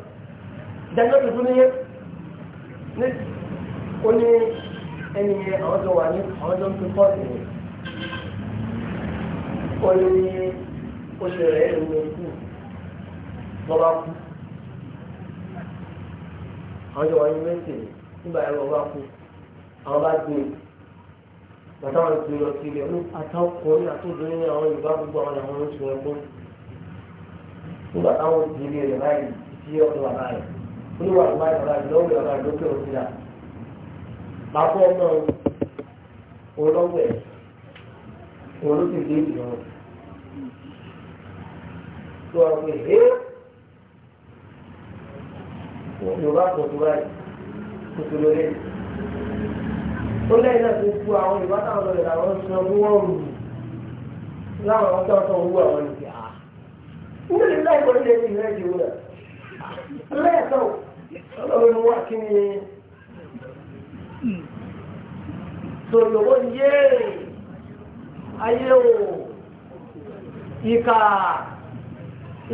ìdájọ́ tuntun níyẹn ní ó ní ẹni yẹn àwọn tó wà ní àwọn tó ń fi pọ́ọ̀tì ní ó ní oṣù rẹ̀ ló ń kú lọ́ba kú àwọn tó wà ní mẹ́sìn nígbà yẹn lọ́ba kú àwọn bá gbé bàtà wọn ti lọ sí ilé àtàkùn àtòdó ní àwọn Yorùbá gbogbo àwọn làwọn ń sọ nígbà táwọn ìdílé rẹ̀ báyìí tí ọ̀dọ̀ bàbá rẹ̀ oníwà tó báyìí bàbá rẹ̀ lọ́wọ́ bàbá rẹ̀ lókè òkè rà bàbá ọmọ olówó ẹ̀ olóṣèlú ìdìbò tó wà pé hé yorùbá kan tó báyìí tó lórí ó lẹ́yìn náà tó kú àwọn yorùbá táwọn lọ́lẹ̀ làwọn ń sọ wọ́n rù láwọn ọ̀tọ̀ owó àwọn ìdí inda da zai kwanin da ya ce zai ji wuna Allah ya sau Allah so yobo ye ayé o ìkà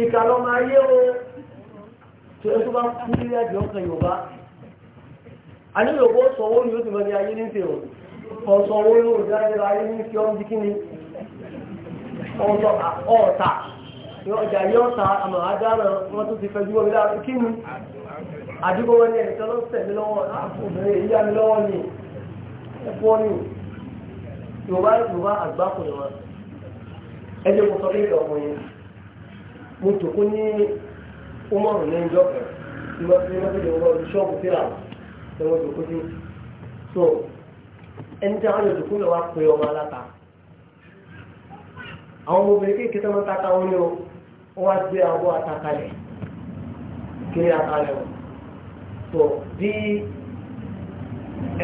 ìkà lọ máa yé o tó ẹ tó bá kú nílé àjọ ọkàn yorùbá a ní yorùbá sọwọ́ ni ó ti mẹ́rin ayé ní ṣe ọ̀sọ̀wọ́ ní òjò ọjà yóò ta àmọ̀ adára wọn tó ti fẹjú wọn nílá kí ni àdúgbò wọn ní ẹ̀sán lọ́sẹ̀ mi lọ́wọ́ obìnrin èyí yá mi lọ́wọ́ ni ẹ̀fọ́ ni yorùbá yorùbá àgbákò ni wọn ẹjẹ kò sọ pé ọkùnrin mo tòkó ní umaru ní ìjọ kan tí wọn fi wọn fi lè wọ ṣọ́ọ̀bù síra ni wọn tòkó sí so ẹni tí wọn lè tòkó lè wá pé ọmọ aláta àwọn ọmọ kéèké tó máa ta ta wọn ni o wọ́n á gbé àwọn àtàkàlẹ̀ kiri àtàlẹ̀ wọn tó bí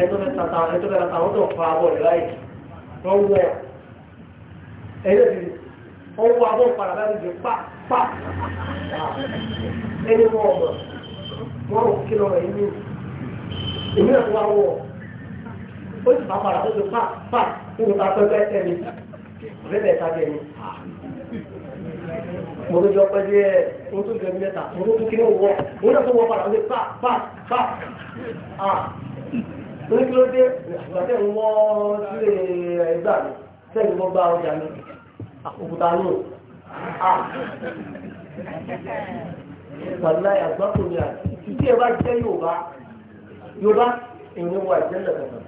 ẹjọ́ mẹ́ta ẹjọ́ mẹ́ta táwọn tó fa abọ́ rẹ̀ láì wọ́n wọ̀ ẹ̀yẹ́ ti wọ́n wọ abọ́ padà láti di pa pa ẹni wọ́n ọ̀mọ̀ wọ́n ò kí lọ́rọ̀ yìí nínú èmi náà wọ́n ó sì bá padà tó ti pa nígbà tó fẹ́ tẹ̀lé ọ̀rẹ́ mo lójú ọpẹ díẹ̀ mo tún bẹ̀rù mẹ́ta mo tún kí ní wọ mo náà tún wọ padà wọlé pa pa pa à mo ní kí ló dé ìgbàdé ń wọ sílé ẹgbà mi sẹ́yìn mo gba ọjà mi òkúta nù à wàlá àgbákò ni à tí ẹ bá jẹ́ Yorùbá Yorùbá èmi wà jẹ́ lẹ́kọ̀ọ́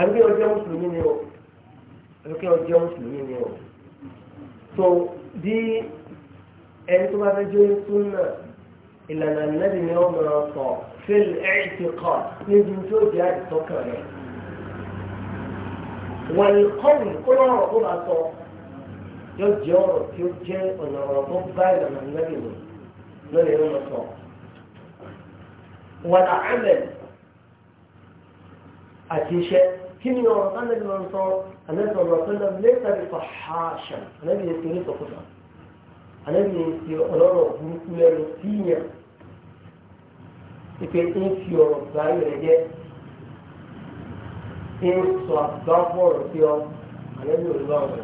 àbí ọjọ́ mùsùlùmí ni o ọjọ́ mùsùlùmí ni o so bí ẹni tó bá fẹ́ jó súnà ìlànà nẹ́bí ni ó mọ̀ sọ fíl ẹ̀ẹ́tì kọ́ níbi tí ó jẹ́ àdìsọ́kàn rẹ̀ wọ́n kọ́wì kó lọ́rọ̀ tó bá sọ yóò jẹ́ ọ̀rọ̀ tí ó jẹ́ ọ̀nà ọ̀rọ̀ tó bá ìlànà nẹ́bí mi lónìí ló mọ̀ sọ. wọ́n àmẹ́ àti iṣẹ́ kí ni ọ̀rọ̀ tánàbí lọ sọ àlẹ́sọ̀ ọ̀rọ̀ tánà lẹ́sàrí fàṣàṣà àlẹ́bí yẹn ti ní sọ̀kúta àlẹ́bí yẹn ti ọlọ́rọ̀ burúkú lẹ́nu síyàn ìpè ń fi ọ̀rọ̀ gbà rẹ̀ jẹ́ ń sọ àgbáfọ̀rọ̀ sí ọ àlẹ́bí yẹn ló bá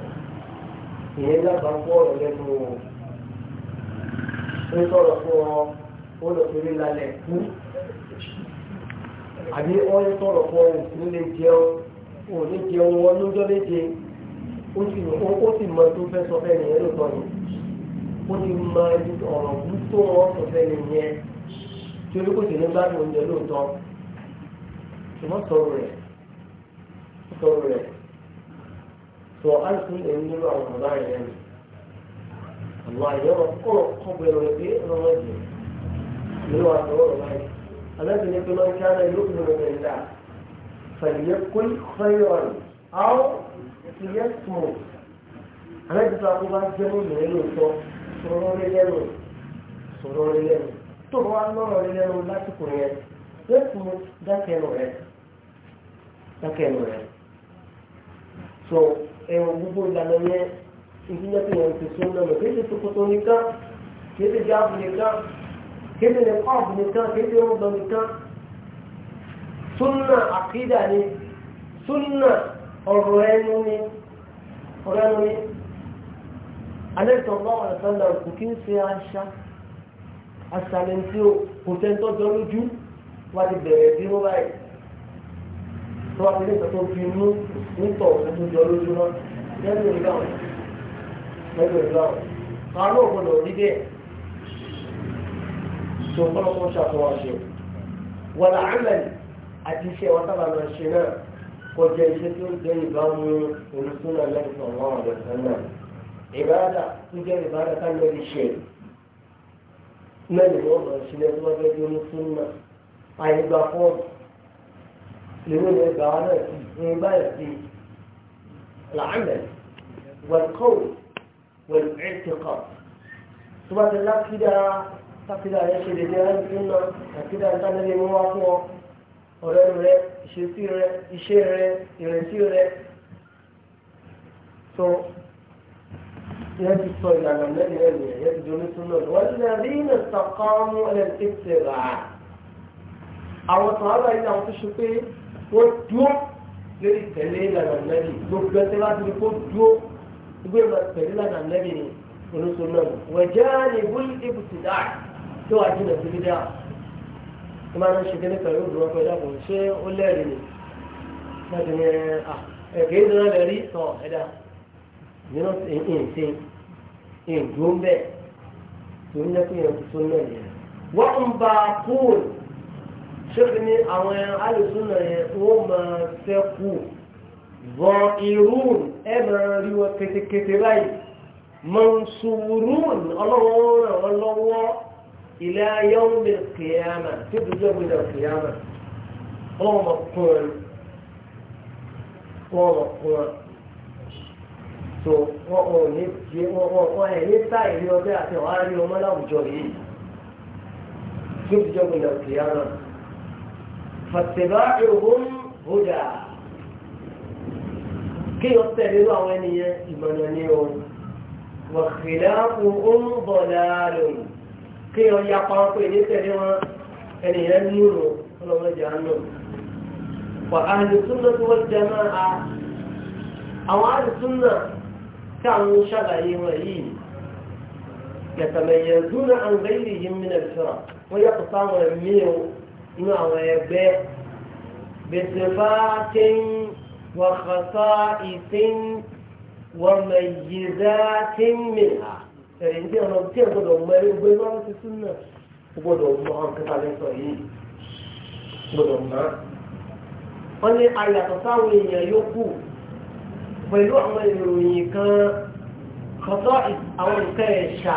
ìyẹn lágbàfọ̀rọ̀ lẹ́nu ń sọ̀rọ̀ fún ọ ó lọ fi rí lálẹ́ kú àbí ọ ń sọ̀rọ̀ fún ọ òkú lè jẹun wọn ò ní jẹ ohun wọn lójọ́ méje ó sì mọ tó fẹ́ sọ fẹ́ nìyẹn lóòótọ́ ni ó ti mọ ọ̀rọ̀ bú tó wọn sọ fẹ́ nìyẹn torí kò sì ní gbádùn oúnjẹ lóòótọ́ ṣùgbọ́n sọ̀rọ̀ rẹ̀ sọ̀rọ̀ rẹ̀ sọ àìsàn èyí nínú àwọn ọ̀gá rẹ̀ ni àwọn àyẹ̀wò kọ̀ kọ̀bẹ̀rẹ̀ rẹ̀ pé ọ̀rọ̀ rẹ̀ jù nínú àwọn ọ̀rọ̀ alẹ́ فليكن خيرا أو ليصمت àlejò tó akó bá jẹ́ mọ́ ìrìn lóòótọ́ sọ̀rọ̀ orí lẹ́nu sọ̀rọ̀ orí lẹ́nu tó bá wà lọ́rọ̀ orí lẹ́nu lásìkò yẹn yóò fún mi dákẹ́nu rẹ̀ dákẹ́nu rẹ̀ so ẹ̀wọ̀n gbogbo ìlànà yẹn ìdílé tó yẹn ti so lọ́nà kí ẹ̀ṣẹ̀ tókòtò nìkan kí ẹ̀ṣẹ̀ jáàbù nìkan kí ẹ̀ṣẹ̀ lẹ́kọ́ àbù nìkan kí ẹ̀ṣẹ̀ ọ̀gbọ̀n nìkan súnà àkídà ni súnà ọ̀rọ̀ ẹnu ni ọ̀rọ̀ ẹnu ni alẹ́sọ̀ bá wà sọ́nà kò kí ń ṣe àṣà àṣàlẹ̀ tí kò tẹ́ntọ́ jọ lójú wá ti bẹ̀rẹ̀ bí wọ́n báyìí tó wá nílé ìtọ́tọ́ fi mú nítọ̀ tó jọ lójú náà lẹ́nu ìlọ́run lẹ́nu ìlọ́run àwọn náà gbọ́dọ̀ tó kọ́lọ́kọ́ ṣàtọ́wọ́ ṣe wàlà àmẹ́lì àti iṣẹ́ wọn sábà máa ṣe náà kọjá iṣẹ́ tí ó jẹ́ ìbámu olùsúnà lẹ́yìn ọ̀wọ́n ọ̀dọ̀sán náà ìbáradà tó jẹ́ ìbáradà táńgẹ́lì ṣe mẹ́rin wọ́n máa ṣe lẹ́yìn wọ́n gẹ́gẹ́ olùsúnà àyígbà fọ́ọ̀mù lèwe lè gbà wọn náà sí ní báyìí sí làálẹ̀ wẹ̀lkọ́wò wẹ̀lẹ́tìkọ̀ tó bá ti lákìdá lákìdá yẹn ṣe lè jẹ́ ẹni tó lákìdá ìtànẹ́lẹ́ ọ̀rẹ́ rẹ ìṣesí rẹ iṣẹ́ rẹ ìrètí rẹ tó yẹn ti sọ ìlànà lẹ́yìn rẹ nìyẹn yẹn ti di onísùnà wọ́n lè rí iná sàkánú ẹlẹ́tì tẹ̀rà àwọn tó wàhálà yìí àwọn tó ṣe pé wọ́n dúró lórí tẹ̀lé ìlànà lẹ́yìn gbogbo ẹsẹ̀ láti ní kó dúró gbogbo ìlànà tẹ̀lé ìlànà lẹ́yìn onísùnà wọ́n jẹ́ ní bóyí ibùsùn dáa tó wà jìnnà síbi dáa tó máa ń ṣe kíní pẹ̀lú òdùrọ̀ pé dàpọ̀ ṣé ó lẹ́rìí ni láti ní ẹ̀kẹ́ ìdúró rẹ̀ rí tọ̀ ẹ̀dá nínú ìǹṣe ìdúró bẹ́ẹ̀ tó ń jẹ́ pé ìrìn tó náà yẹn. wọ́n ń ba pool ṣébi ní àwọn alùsùn náà yẹn wọ́n máa fẹ́ kú bọ̀ ìrún ẹ̀ máa rí wọn kétékété báyìí mọ̀ ń sùn rún ọlọ́wọ́ ọlọ́wọ́. إلى يوم القيامة تبدو إلى القيامة قوم القول قوم القول so wọn ò ní ṣe wọn wọn ẹ ní táì ní ọbẹ àti ọ̀hún aráàlú ọmọ láwùjọ yìí tí ó ti jọ gbìyànjú kìíyàmà fàtẹ̀bá ìhùn hùdà kí wọ́n tẹ̀lé lọ àwọn ènìyàn ìmọ̀nà ní o wàhílà òun bọ̀ láàrin kí ọ ya pa wọn pé ní tẹ̀lé wọn ẹni yẹn ní ìrò ọlọ́mọdé àánú wà á lè súnmọ́ tí wọ́n jẹ máa a àwọn àdìsúnà tí وخصائص وميزات منها ẹ̀yìn tí ọ̀nà tí ẹ̀ gbọ́dọ̀ mọ ẹ̀rí gbé lọ́wọ́ ti sún náà ó gbọ́dọ̀ mọ àwọn kẹta lẹ́sọ̀ yìí gbọ́dọ̀ mọ́. wọ́n ní ayàtọ̀ sáwọn èèyàn yòókù pẹ̀lú àwọn ìròyìn kan kọ́tọ́ àwọn nǹkan ẹ̀ṣà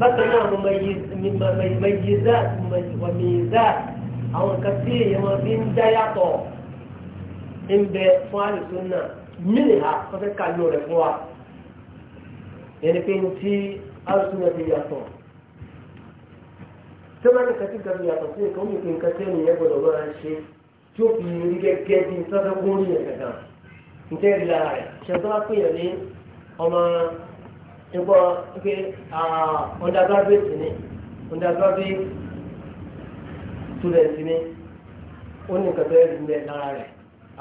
bákan náà mo mẹ̀yìzá mẹ̀yìzá àwọn nǹkan tí èèyàn máa fi ń dá yàtọ̀ ń bẹ fún àlùsùn náà mílíọ̀nù kọ́fẹ́ kàlù rẹ̀ fún wa ẹni pé ń tí alùsùnà ti yàtọ̀ tó bá ní kàtí gàdú yàtọ̀ sí nǹkan omi nǹkan tí ènìyàn gbọdọ̀ lọ́ra ń ṣe tí ó fi rí gẹ́gẹ́ bí sọ́dọ̀ gbórí yẹn gàdá ń tẹ́ rí lára rẹ̀ ṣe tó bá pè yàn ní ọmọ ẹgbọ́ pé undergraduate ni undergraduate student ni ó ní nǹkan tó yẹ kí rẹ̀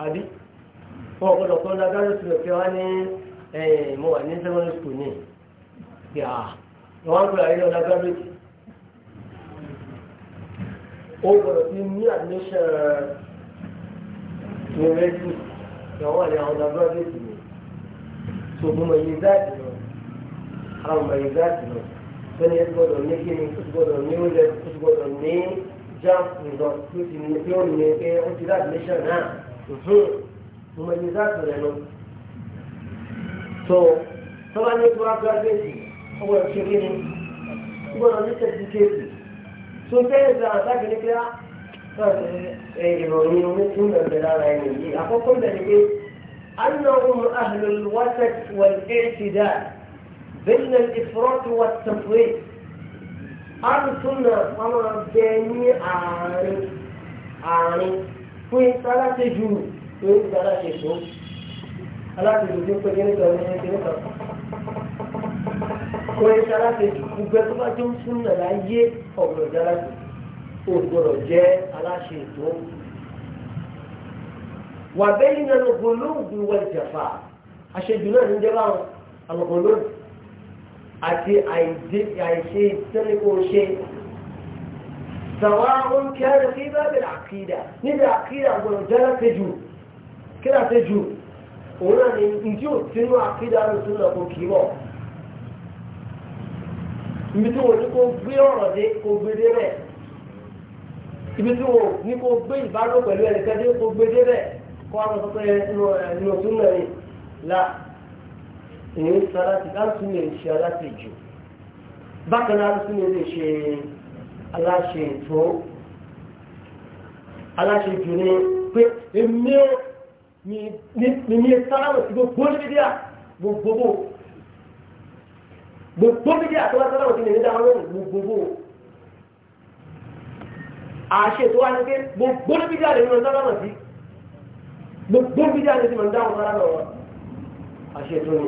àbí wọn kò lọ kó undergraduate student kí wọ́n ní mo wà ní secondary school ni pé à wọ́n gbé ayé ọ̀dà gábẹ́jì ó gbọ́dọ̀ ti ní admission eh, university ìyàwó àlẹ́ àwọn ọ̀dà gábẹ́jì ni tó gbọmọ yìí záàtì lọ àwọn ọmọ yìí záàtì lọ sẹ́ni ẹ̀ gbọ́dọ̀ ní kíni ó gbọ́dọ̀ ní ó lẹ́ ó gbọ́dọ̀ ní jump result tó ti ní pé ó ní pé ó ti dá admission náà ọwọ́ ẹ̀ ṣe kí ni gbọ́dọ̀ ní sẹ́tífíkẹ́tì tó tẹ́lẹ̀ sọ àtàkì ní kíá ìròyìn onítúmọ̀ ẹ̀bẹ̀ lára ẹni yìí àkọ́kọ́ bẹ̀rẹ̀ pé أنهم أهل الوسط والاعتدال بين الإفراط والتفريط alùsùnà ọmọ bẹ ní àárín àárín fún ìsáláṣẹ́ jù fún ìsáláṣẹ́ tó aláṣẹ́ jù tó pé kí ní kan ní kí ní kan kò ẹ ṣe alákejì gbogbo ẹ tó bá jọ ń fún náà láyé ọ̀gbọ̀n jẹ́ alákejì ó gbọ́dọ̀ jẹ́ aláṣẹ ètò. wà bẹ́ẹ̀ yín náà lọ́gbọ̀n lóògùn wọ ìjàfà náà ní jẹ́bá àlọ́gbọ̀n àti àìṣe ìtẹ́lẹ́kọ̀ọ́ ṣe سواء كان في باب العقيدة نبي العقيدة أقول جل تجو كلا تجو هنا نجو تنو عقيدة أهل السنة كيبو ibi tí wọ́n ní kó gbé ọ̀rọ̀ dé kó gbé dé rẹ̀ ibi tí wọ́n ní kó gbé ìbálò pẹ̀lú ẹnìkan dé kó gbé dé rẹ̀ kó àwọn sọ pé ẹnu ọ̀tún mẹ́rin la èyí sọ láti láti lè ṣe aláṣẹ jù bákan náà láti lè ṣe aláṣẹ ètò aláṣẹ jù ni pé èmi ní ní sáláwọ̀ sí gbogbo níbi díà gbogbo gbogbo méjì àtọ́lásọ́lá òtí nìyí dáwọn lóhùn gbogbo àṣẹ tó wá ní pé gbogbo méjì àlè nínú sálámà sí gbogbo méjì àlè sí máa ń dáwọn sálámà wọn àṣẹ tó ní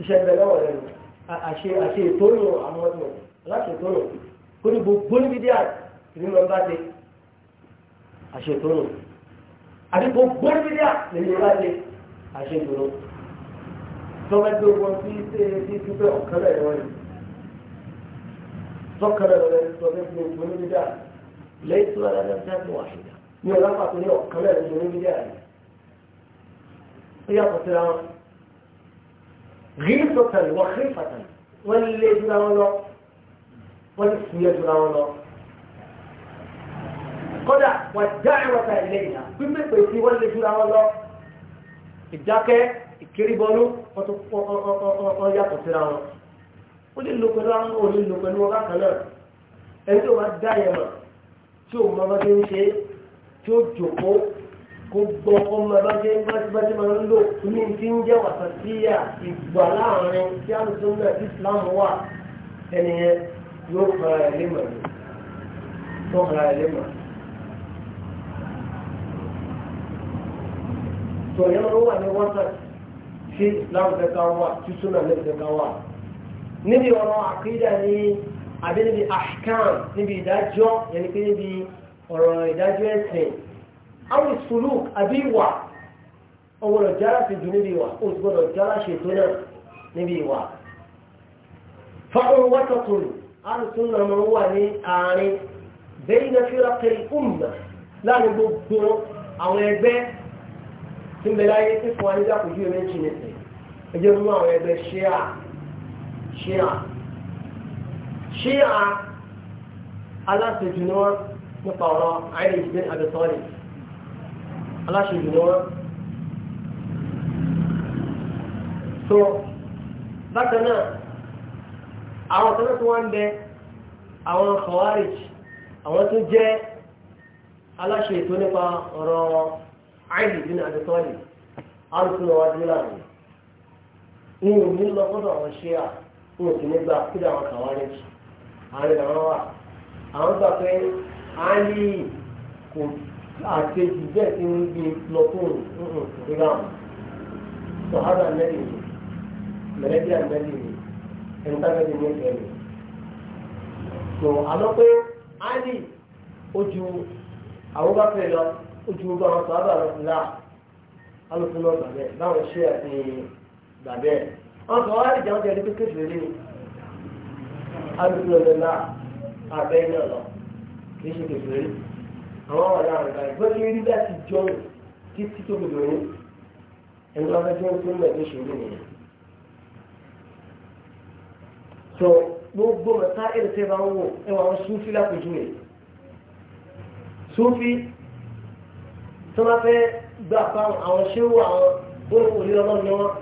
iṣẹ́ ìbẹ̀ lọ́wọ́ rẹ̀ àṣẹ àṣẹ ìtónú àwọn ọmọ aláṣẹ ìtónú kó ní gbogbo méjì àlè nínú bá ṣe àṣẹ ìtónú àti gbogbo méjì àlè nínú bá ṣe àṣẹ ìtónú. tọ́lá gbé wọn sí sí pípẹ́ ọ̀kẹ́lẹ̀ wọn yìí tọ́kẹ́lẹ̀ wọn yìí sọ fún mi gbóni mi dáa lẹ́yìn tó ara rẹ̀ ń tẹ́lẹ̀ wá ṣìdá mi ò lápá tó ní ọ̀kẹ́lẹ̀ rẹ̀ gbóni mi dáa yìí ó yàtọ̀ sí ra wọn rírí tọ́kẹ́lẹ̀ wọ́n rí fàtàlì wọ́n lé dúra wọn lọ wọ́n ti fúyẹ́ dúra wọn lọ kódà wọ́n dá ẹ̀rọ ta ìlẹ́yìn náà pípẹ́ pèsè wọ́n lé dúra wọn lọ ìdákẹ́ kiri bọ́lú ọ̀yàtọ̀ síra wọn ó lè lò pẹ̀lú àwọn òní lò pẹ̀lú ọba kan náà ẹni tó bá dá yẹn mọ̀ tí òun máa bá ṣe ń ṣe tí ó jòkó kó gbọ́ kó máa bá ṣe bá ṣe máa ń lò ní ti ń jẹ́ wàtà síyà ìgbà láàrin tí àlùsùn náà tí Islam wà ẹni yẹn yóò fara ẹ̀ lé mọ̀ ní tó fara ẹ̀ lé mọ̀ ní. tòyẹ́ ló wà ní wọ́sàtì tí islam kankan wà tí sunna níbi kankan wà níbi ọ̀rọ̀ àkídà ni àbí níbi ahkam níbi ìdájọ́ yẹn pé níbi ọ̀rọ̀ ìdájọ́ ẹ̀sìn àwọn suluk àbí ìwà ọgbọ́dọ̀ jára ti dùn níbi ìwà ó gbọ́dọ̀ jára ṣètò náà níbi ìwà fọ́ọ̀rùn wọ́tọ̀tún alùsùn náà máa wà ní àárín bẹ́ẹ̀ ní fíraqil umma láàrin gbogbo àwọn ẹgbẹ́ tí ń bẹ láyé tí fún wa ní ìdàkójú ẹ̀ méjì ní sè é jẹ́ mú àwọn ẹgbẹ́ ṣíà ṣíà ṣíà aláṣejù ni wọ́n nípa ọ̀rọ̀ àìlè àbẹ̀tọ́lì aláṣejù ni wọ́n. so bákan náà àwọn kan náà tí wọ́n ń bẹ àwọn kọ̀wárìjì àwọn tó jẹ́ aláṣẹ ètò nípa ọ̀rọ̀ Ali bin ní àdìsọ́ yìí àrùkù lọ́wọ́ adúlá mi ìwọ̀n mi lọ sọ́dọ̀ àwọn ṣé à ń òkè nígbà kí ni àwọn kàwárí àárín àwọn wà àwọn gbà pé àálì kò àtẹjù bẹ́ẹ̀ ti ń gbé lọ fún ìgbà sọ̀hádà mẹ́rin mẹ́rẹ́díà mẹ́rin ẹ̀ńtàgẹ́dì mẹ́rin tó àlọ́ pé àálì ojú àwọn bá fẹ́ lọ ojú gbogbo àwọn sàábà lọ sí láà alùpùpù náà gbàgbẹ́ báwọn ṣe àti gbàgbẹ́ àwọn sọ̀rọ̀ àti ìjà wọn ti ẹni pé kéfì lélẹ̀ alùpùpù náà lọ láà abẹ́ náà lọ kì í ṣe kéfì lélẹ̀ àwọn wà láàrin báyìí bọ́ọ̀lù rí láti jọ títí tó gbogbo yín ẹni wọn fẹ́ tí wọ́n ti ń ṣòro nìyẹn. so gbogbo mẹ́ta ẹ̀rẹ̀ tẹ́ bá ń wò ẹwà wọn sún tó bá fẹ́ gbà fáwọn àwọn ṣéwò àwọn olóòlì ọlọ́run ni wọ́n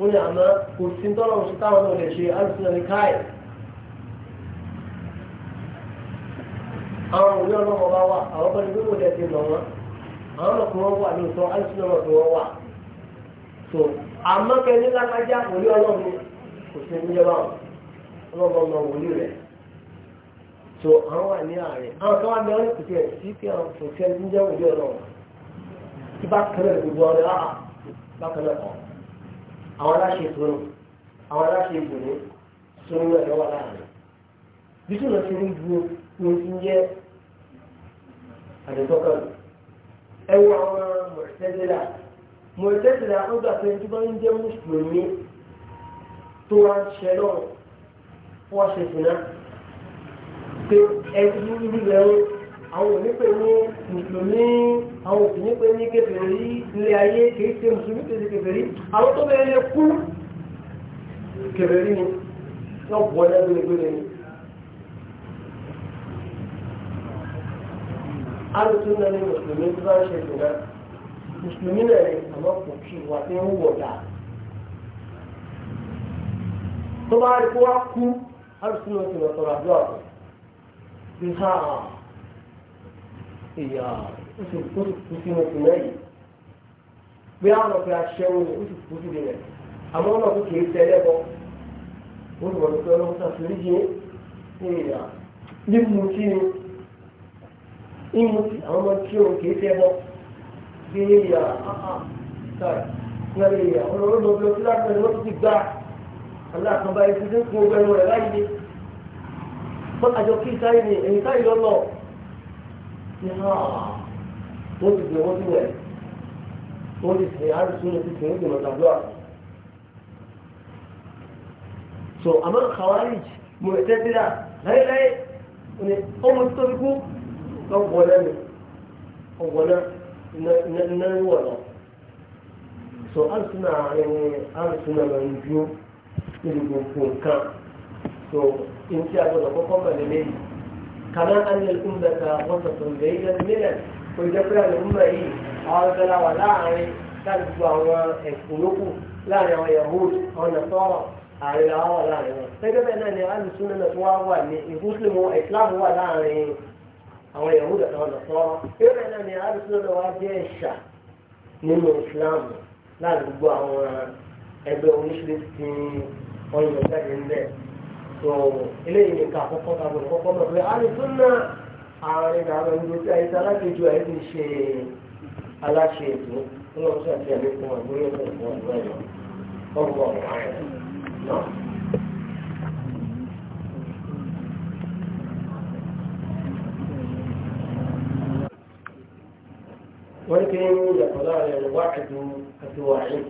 ó ní àmọ́ kò sí tọ́lọ̀ oṣù táwọn náà lè ṣe alùpùpù ní káì. àwọn òní ọlọ́mọ bá wà àwọn bá ní gbogbo dẹ̀ ti lọ wọn àwọn náà kò wọ́n wà lóòótọ́ alùpùpù náà kò wọ́n tí bá kẹlẹ̀ gbogbo ọdẹ áà ah, bákẹlẹ̀ kọ́ àwọn aláṣẹ ìtòrò àwọn aláṣẹ ìgbòho sórí ẹ̀rọ wà láàrin bí tí wọ́n ti ń bu ohun tí ń jẹ́ àdìgbọ́kọ̀ ẹ wo àwọn mọ̀tẹ́dẹ́là mọ̀tẹ́dẹ́là ó gbà pé tí wọ́n ń jẹ́ mùsùlùmí tó wá ń lọ́wọ́ wọ́n ṣe fìlà pé ẹni rírẹ̀ àwọn òní pè ní mùsùlùmí àwọn òkùnrin pé ní kèfèrí ilé ayé kìí ṣe mùsùlùmí kìí ṣe kèfèrí àwọn tó bẹ̀rẹ̀ lè kú kèfèrí ni yóò bọ́ lẹ́gbẹ̀lẹ́gbẹ̀lẹ́ ni. alùpùpù náà ní mùsùlùmí tó bá ń ṣe ìdùnnà mùsùlùmí náà ní àmọ́ kò kí wà pé ń wọ̀ dáa. tó bá rí kó wá kú alùpùpù náà ti lọ sọ̀rọ̀ àdúrà ìyá ó sì kú sínú ìpínlẹ̀ yìí bí àwọn ọ̀pẹ aṣẹ́wó ni ó sì kú sí ilẹ̀ wọn kò kìí tẹ ẹlẹ́bọ wọn sì wọ́n ti pẹ́ ọlọ́run ṣàforíjì ní ìyá mímu tí ni mímu tí àwọn ọmọ tí òun kìí tẹ ẹbọ bí ìyá ṣáì ní ẹ̀rọ ìyá ọlọ́run ló lọ sí láti ẹni wọ́n ti gbà aláàkànbá ẹni tuntun kún ọgbẹ́ ẹnu rẹ̀ láyé ni wọ́n àjọ kí sáyé ni èyí sáyé lọ́lọ́ wọ́n ti gbé wọ́n ti wẹ̀ wọ́n ti sìn àdùsùn ní ti sìn ìgbìmọ̀ tàbí wà. so àmọ́ khawarij mo ẹ̀ tẹ́tí dà láéláé ni ọmọ tó tóbi kú lọ́wọ́ lẹ́nu ọ̀wọ́ náà iná ń wọ̀ lọ. so àdùsùn náà ẹni àdùsùn náà lọ ń dúró níbi gbogbo nǹkan so ìmùtí àgbọ̀dọ̀ kọ́kọ́ mọ̀ lélẹ́yìn. كما أن الأمة وسط بين الملل kò jẹ́ pé àwọn ọmọ yìí àwọn ọ̀gá wà láàrin láàdúgbò àwọn ẹ̀kún lókù láàrin àwọn yahood àwọn nàfọ́rọ̀ àárín àwọn wà láàrin wọn. gẹ́gẹ́ bẹ́ẹ̀ náà ni alùsùn náà tó wá wà ní ìmúsùlùmù ìsìláàmù wà láàrin àwọn yahood àtàwọn nàfọ́rọ̀ gẹ́gẹ́ bẹ́ẹ̀ náà ni alùsùn náà wá jẹ́ ẹ̀ṣà nínú ìsìláàmù láàdúgbò àwọn ẹgbẹ́ oníṣ ọyìn ọ̀gá yẹn lẹ̀ tó eléyìí nìkan àkọ́kọ́ tàbí ọ̀kọ́kọ́ náà pé àárín àwọn ìgbésí ayé alágbèjú ayé ti ṣe aláṣẹ ètò ní ọjọ́ àti àlékún ọdún yóò fún ọdún ọdún ẹ̀yọ ọgbọ̀n ọ̀hún náà. wọ́n ti ń yàtọ̀ láàrin àlùwáàdù àti wàhálì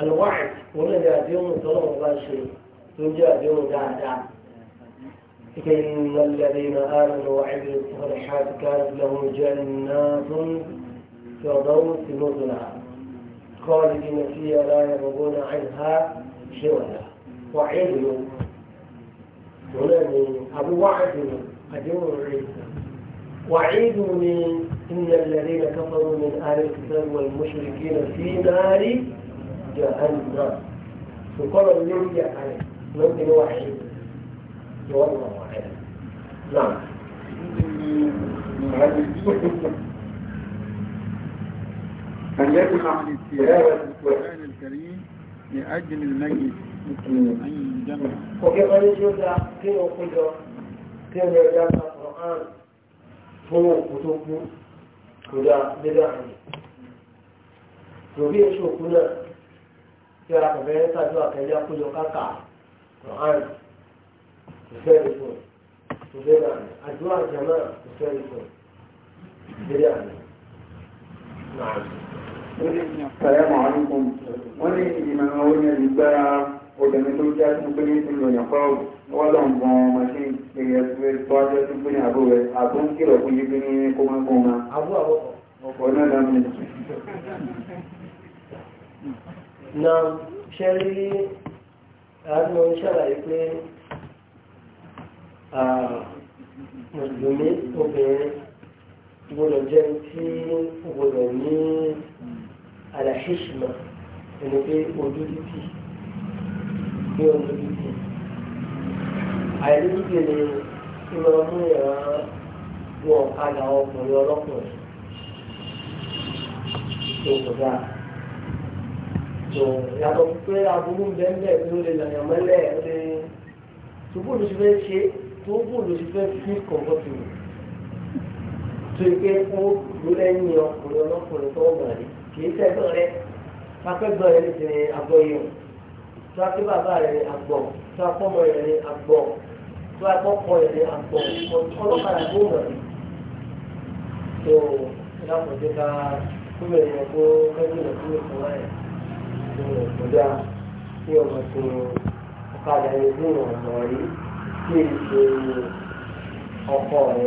àlùwáàdù wọn lè àdéhùn tọ́lọ́wọ́n bá ṣe tó jẹ́ àdéhùn dáadáa. إن الذين آمنوا وعملوا الصالحات كانت لهم جنات فردوس نزلا خالدين فيها لا يبغون عنها حولا وعدلوا هنا أبو وعد العزة وعيد من إن الذين كفروا من أهل الكتاب والمشركين في نار جهنم فقال يا عليه من وعيد والله نعم أن يدفع القرآن الكريم لأجل الميت أن يجمع وكما يجوز كيف قدر كيف يجمع القرآن هو كتب كذا بداعي وفي شو كنا في رقبين تجوى كذا كل قطع قرآن وفي kò fẹ́ dà ní àdúrà jàmá kò fẹ́ ìfọ̀ ìdílé àná. Sàlẹ́mù àríkùn, wọ́n ní ìmọ̀ràn owó ní ẹ̀dùgbà obìnrin tó já sí pé ní ìlú ìyànfọ́ wọ́n lọ gan ọmọ sí ìrẹ̀ pé tó á jẹ́ sí pé ní àbú rẹ̀ àbú ń kìlọ̀ fún yín ní kó máa kó máa. Àbú àbọ̀kọ̀. Ọ̀pọ̀ náà mi. Na ṣẹ́rí àánú ṣàlàyé pé mùsùlùmí obìnrin gbọ́dọ̀ jẹ́ tí gbọ́dọ̀ ní alahishima ẹni pé ojú títì ní ojú títì àìlójú títì ni tí wọ́n mú ìran wọn ọ̀kadà ọkùnrin ọlọ́kùnrin tó kò dáa tó yàtọ̀ pé aburú bẹ́ẹ̀ bẹ́ẹ̀ ló lè lànà mọ́lẹ̀ ẹ̀ ṣubú mi ti fẹ́ ṣe é tó bò ti fẹ́ fi kọ̀ọ̀kan tó ike kó ló lẹ́yìn ọkùnrin ọlọ́kùnrin tó wọ̀ rí kì í rẹ akẹ́gbọ̀n rẹ ti ní agbọ́ yẹn tó akẹ́ bàbá rẹ ní agbọ̀ tó akọ́mọ rẹ ní agbọ̀ tó akọ́kọ rẹ ní agbọ̀ ọlọ́kadà tó wọ̀ rí tó ìlàkùnjẹ́ ká kúbẹ̀ yẹn kó kẹ́gbẹ́ rẹ kúbẹ̀ fún wa yẹn tó kọjá tí ọmọ tó ọ̀kadà yẹn ló wọ̀ kí n ṣe ọkọ rẹ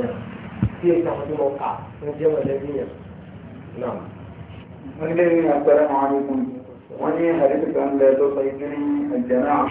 kí n sọ fún ọkà ń jẹ́ mọ̀lẹ́bí yẹn náà. wọ́n ní lẹ́yìn àpẹẹrẹ àwọn àyíkún wọ́n ní àdéhùn kan lẹ́ẹ̀dọ́sọ ìdírí àjẹ́ náà.